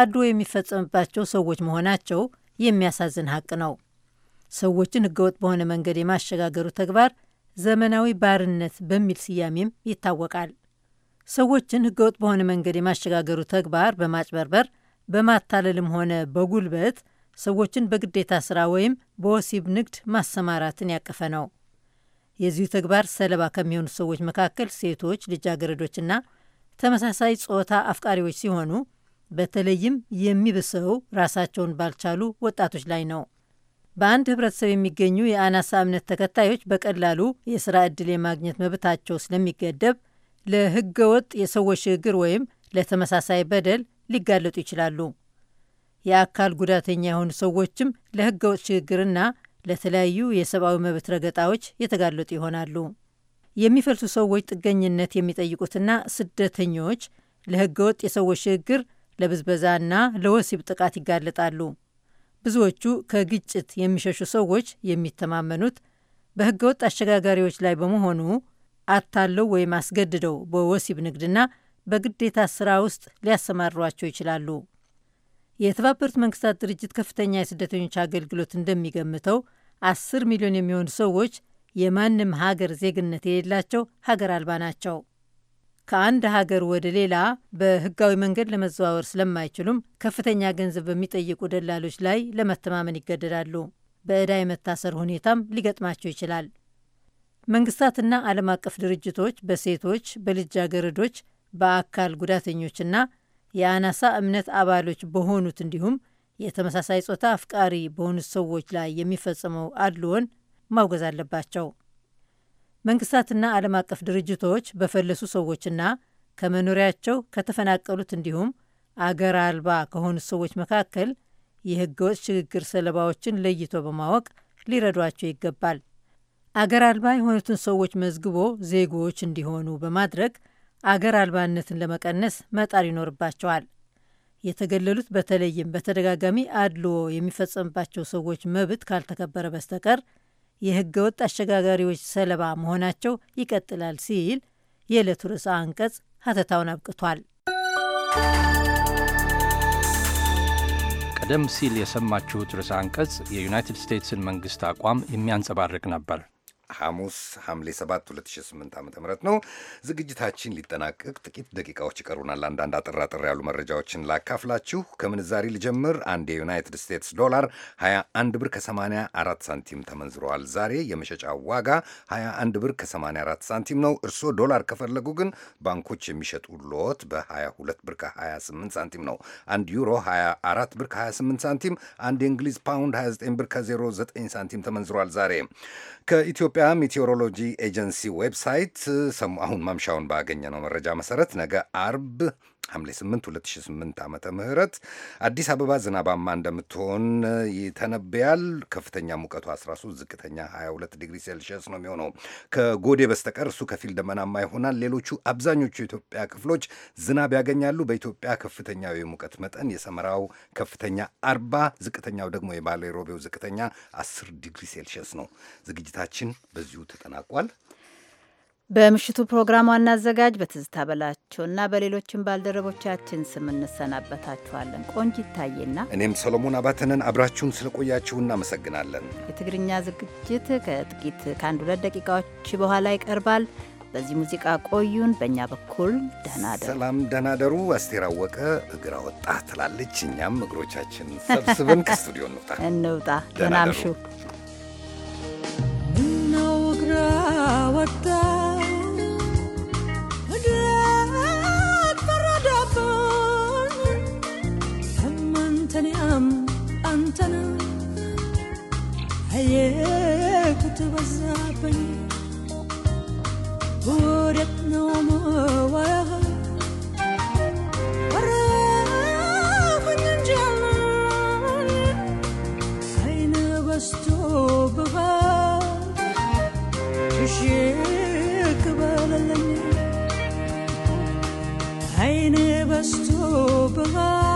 አድሎ የሚፈጸምባቸው ሰዎች መሆናቸው የሚያሳዝን ሀቅ ነው። ሰዎችን ህገወጥ በሆነ መንገድ የማሸጋገሩ ተግባር ዘመናዊ ባርነት በሚል ስያሜም ይታወቃል። ሰዎችን ህገወጥ በሆነ መንገድ የማሸጋገሩ ተግባር በማጭበርበር በማታለልም ሆነ በጉልበት ሰዎችን በግዴታ ስራ ወይም በወሲብ ንግድ ማሰማራትን ያቀፈ ነው። የዚሁ ተግባር ሰለባ ከሚሆኑ ሰዎች መካከል ሴቶች፣ ልጃገረዶችና ተመሳሳይ ጾታ አፍቃሪዎች ሲሆኑ በተለይም የሚብሰው ራሳቸውን ባልቻሉ ወጣቶች ላይ ነው። በአንድ ህብረተሰብ የሚገኙ የአናሳ እምነት ተከታዮች በቀላሉ የስራ ዕድል የማግኘት መብታቸው ስለሚገደብ ለህገ ወጥ የሰዎች ሽግግር ወይም ለተመሳሳይ በደል ሊጋለጡ ይችላሉ። የአካል ጉዳተኛ የሆኑ ሰዎችም ለህገ ወጥ ሽግግርና ለተለያዩ የሰብአዊ መብት ረገጣዎች የተጋለጡ ይሆናሉ። የሚፈልሱ ሰዎች ጥገኝነት የሚጠይቁትና ስደተኞች ለህገ ወጥ የሰዎች ሽግግር፣ ለብዝበዛና ለወሲብ ጥቃት ይጋለጣሉ። ብዙዎቹ ከግጭት የሚሸሹ ሰዎች የሚተማመኑት በህገወጥ አሸጋጋሪዎች ላይ በመሆኑ አታለው ወይም አስገድደው በወሲብ ንግድና በግዴታ ስራ ውስጥ ሊያሰማሯቸው ይችላሉ። የተባበሩት መንግስታት ድርጅት ከፍተኛ የስደተኞች አገልግሎት እንደሚገምተው አስር ሚሊዮን የሚሆኑ ሰዎች የማንም ሀገር ዜግነት የሌላቸው ሀገር አልባ ናቸው። ከአንድ ሀገር ወደ ሌላ በህጋዊ መንገድ ለመዘዋወር ስለማይችሉም ከፍተኛ ገንዘብ በሚጠይቁ ደላሎች ላይ ለመተማመን ይገደዳሉ። በዕዳ የመታሰር ሁኔታም ሊገጥማቸው ይችላል። መንግስታትና ዓለም አቀፍ ድርጅቶች በሴቶች በልጃገረዶች፣ በአካል ጉዳተኞችና የአናሳ እምነት አባሎች በሆኑት እንዲሁም የተመሳሳይ ጾታ አፍቃሪ በሆኑት ሰዎች ላይ የሚፈጽመው አድልዎን ማውገዝ አለባቸው። መንግስታትና ዓለም አቀፍ ድርጅቶች በፈለሱ ሰዎችና ከመኖሪያቸው ከተፈናቀሉት እንዲሁም አገር አልባ ከሆኑት ሰዎች መካከል የህገወጥ ሽግግር ሰለባዎችን ለይቶ በማወቅ ሊረዷቸው ይገባል። አገር አልባ የሆኑትን ሰዎች መዝግቦ ዜጎች እንዲሆኑ በማድረግ አገር አልባነትን ለመቀነስ መጣር ይኖርባቸዋል። የተገለሉት በተለይም በተደጋጋሚ አድልዎ የሚፈጸምባቸው ሰዎች መብት ካልተከበረ በስተቀር የህገወጥ አሸጋጋሪዎች ሰለባ መሆናቸው ይቀጥላል ሲል የዕለቱ ርዕሰ አንቀጽ ሀተታውን አብቅቷል። ቀደም ሲል የሰማችሁት ርዕሰ አንቀጽ የዩናይትድ ስቴትስን መንግስት አቋም የሚያንጸባርቅ ነበር። ሐሙስ ሐምሌ 7 2008 ዓ ም ነው። ዝግጅታችን ሊጠናቀቅ ጥቂት ደቂቃዎች ይቀሩናል። አንዳንድ አጠር ያሉ መረጃዎችን ላካፍላችሁ። ከምንዛሪ ልጀምር። አንድ የዩናይትድ ስቴትስ ዶላር 21 ብር ከ84 ሳንቲም ተመንዝረዋል። ዛሬ የመሸጫ ዋጋ 21 ብር ከ84 ሳንቲም ነው። እርስዎ ዶላር ከፈለጉ ግን ባንኮች የሚሸጡ ሎት በ22 ብር ከ28 ሳንቲም ነው። አንድ ዩሮ 24 ብር ከ28 ሳንቲም፣ አንድ የእንግሊዝ ፓውንድ 29 ብር ከ09 ሳንቲም ተመንዝሯል። ዛሬ ከኢትዮጵያ የኢትዮጵያ ሜቴዎሮሎጂ ኤጀንሲ ዌብሳይት አሁን ማምሻውን ባገኘነው መረጃ መሰረት ነገ አርብ ሐምሌ 8 2008 ዓመተ ምህረት አዲስ አበባ ዝናባማ እንደምትሆን ይተነብያል። ከፍተኛ ሙቀቱ 13፣ ዝቅተኛ 22 ዲግሪ ሴልሺየስ ነው የሚሆነው። ከጎዴ በስተቀር እሱ ከፊል ደመናማ ይሆናል። ሌሎቹ አብዛኞቹ የኢትዮጵያ ክፍሎች ዝናብ ያገኛሉ። በኢትዮጵያ ከፍተኛው የሙቀት መጠን የሰመራው ከፍተኛ 40፣ ዝቅተኛው ደግሞ የባሌ ሮቤው ዝቅተኛ 10 ዲግሪ ሴልሺየስ ነው። ዝግጅታችን በዚሁ ተጠናቋል። በምሽቱ ፕሮግራም ዋና አዘጋጅ በትዝታ በላቸውና በሌሎችም ባልደረቦቻችን ስም እንሰናበታችኋለን። ቆንጅ ይታየና እኔም ሰሎሞን አባተንን አብራችሁን ስለቆያችሁ እናመሰግናለን። የትግርኛ ዝግጅት ከጥቂት ከአንድ ሁለት ደቂቃዎች በኋላ ይቀርባል። በዚህ ሙዚቃ ቆዩን። በእኛ በኩል ደናደሩ ሰላም ደናደሩ። አስቴር አወቀ እግር አወጣ ትላለች። እኛም እግሮቻችን ሰብስበን ከስቱዲዮ እንውጣ እንውጣ። ደህና አምሹ። ምነው እግር አወጣ አንተን አየኩት በዛብኝ ወዴት ነው መዋህ ወረኩኝ እንጂ አይነ በስቶ ብባ ሽሽክ በለለኝ አይነ በስቶ ብባ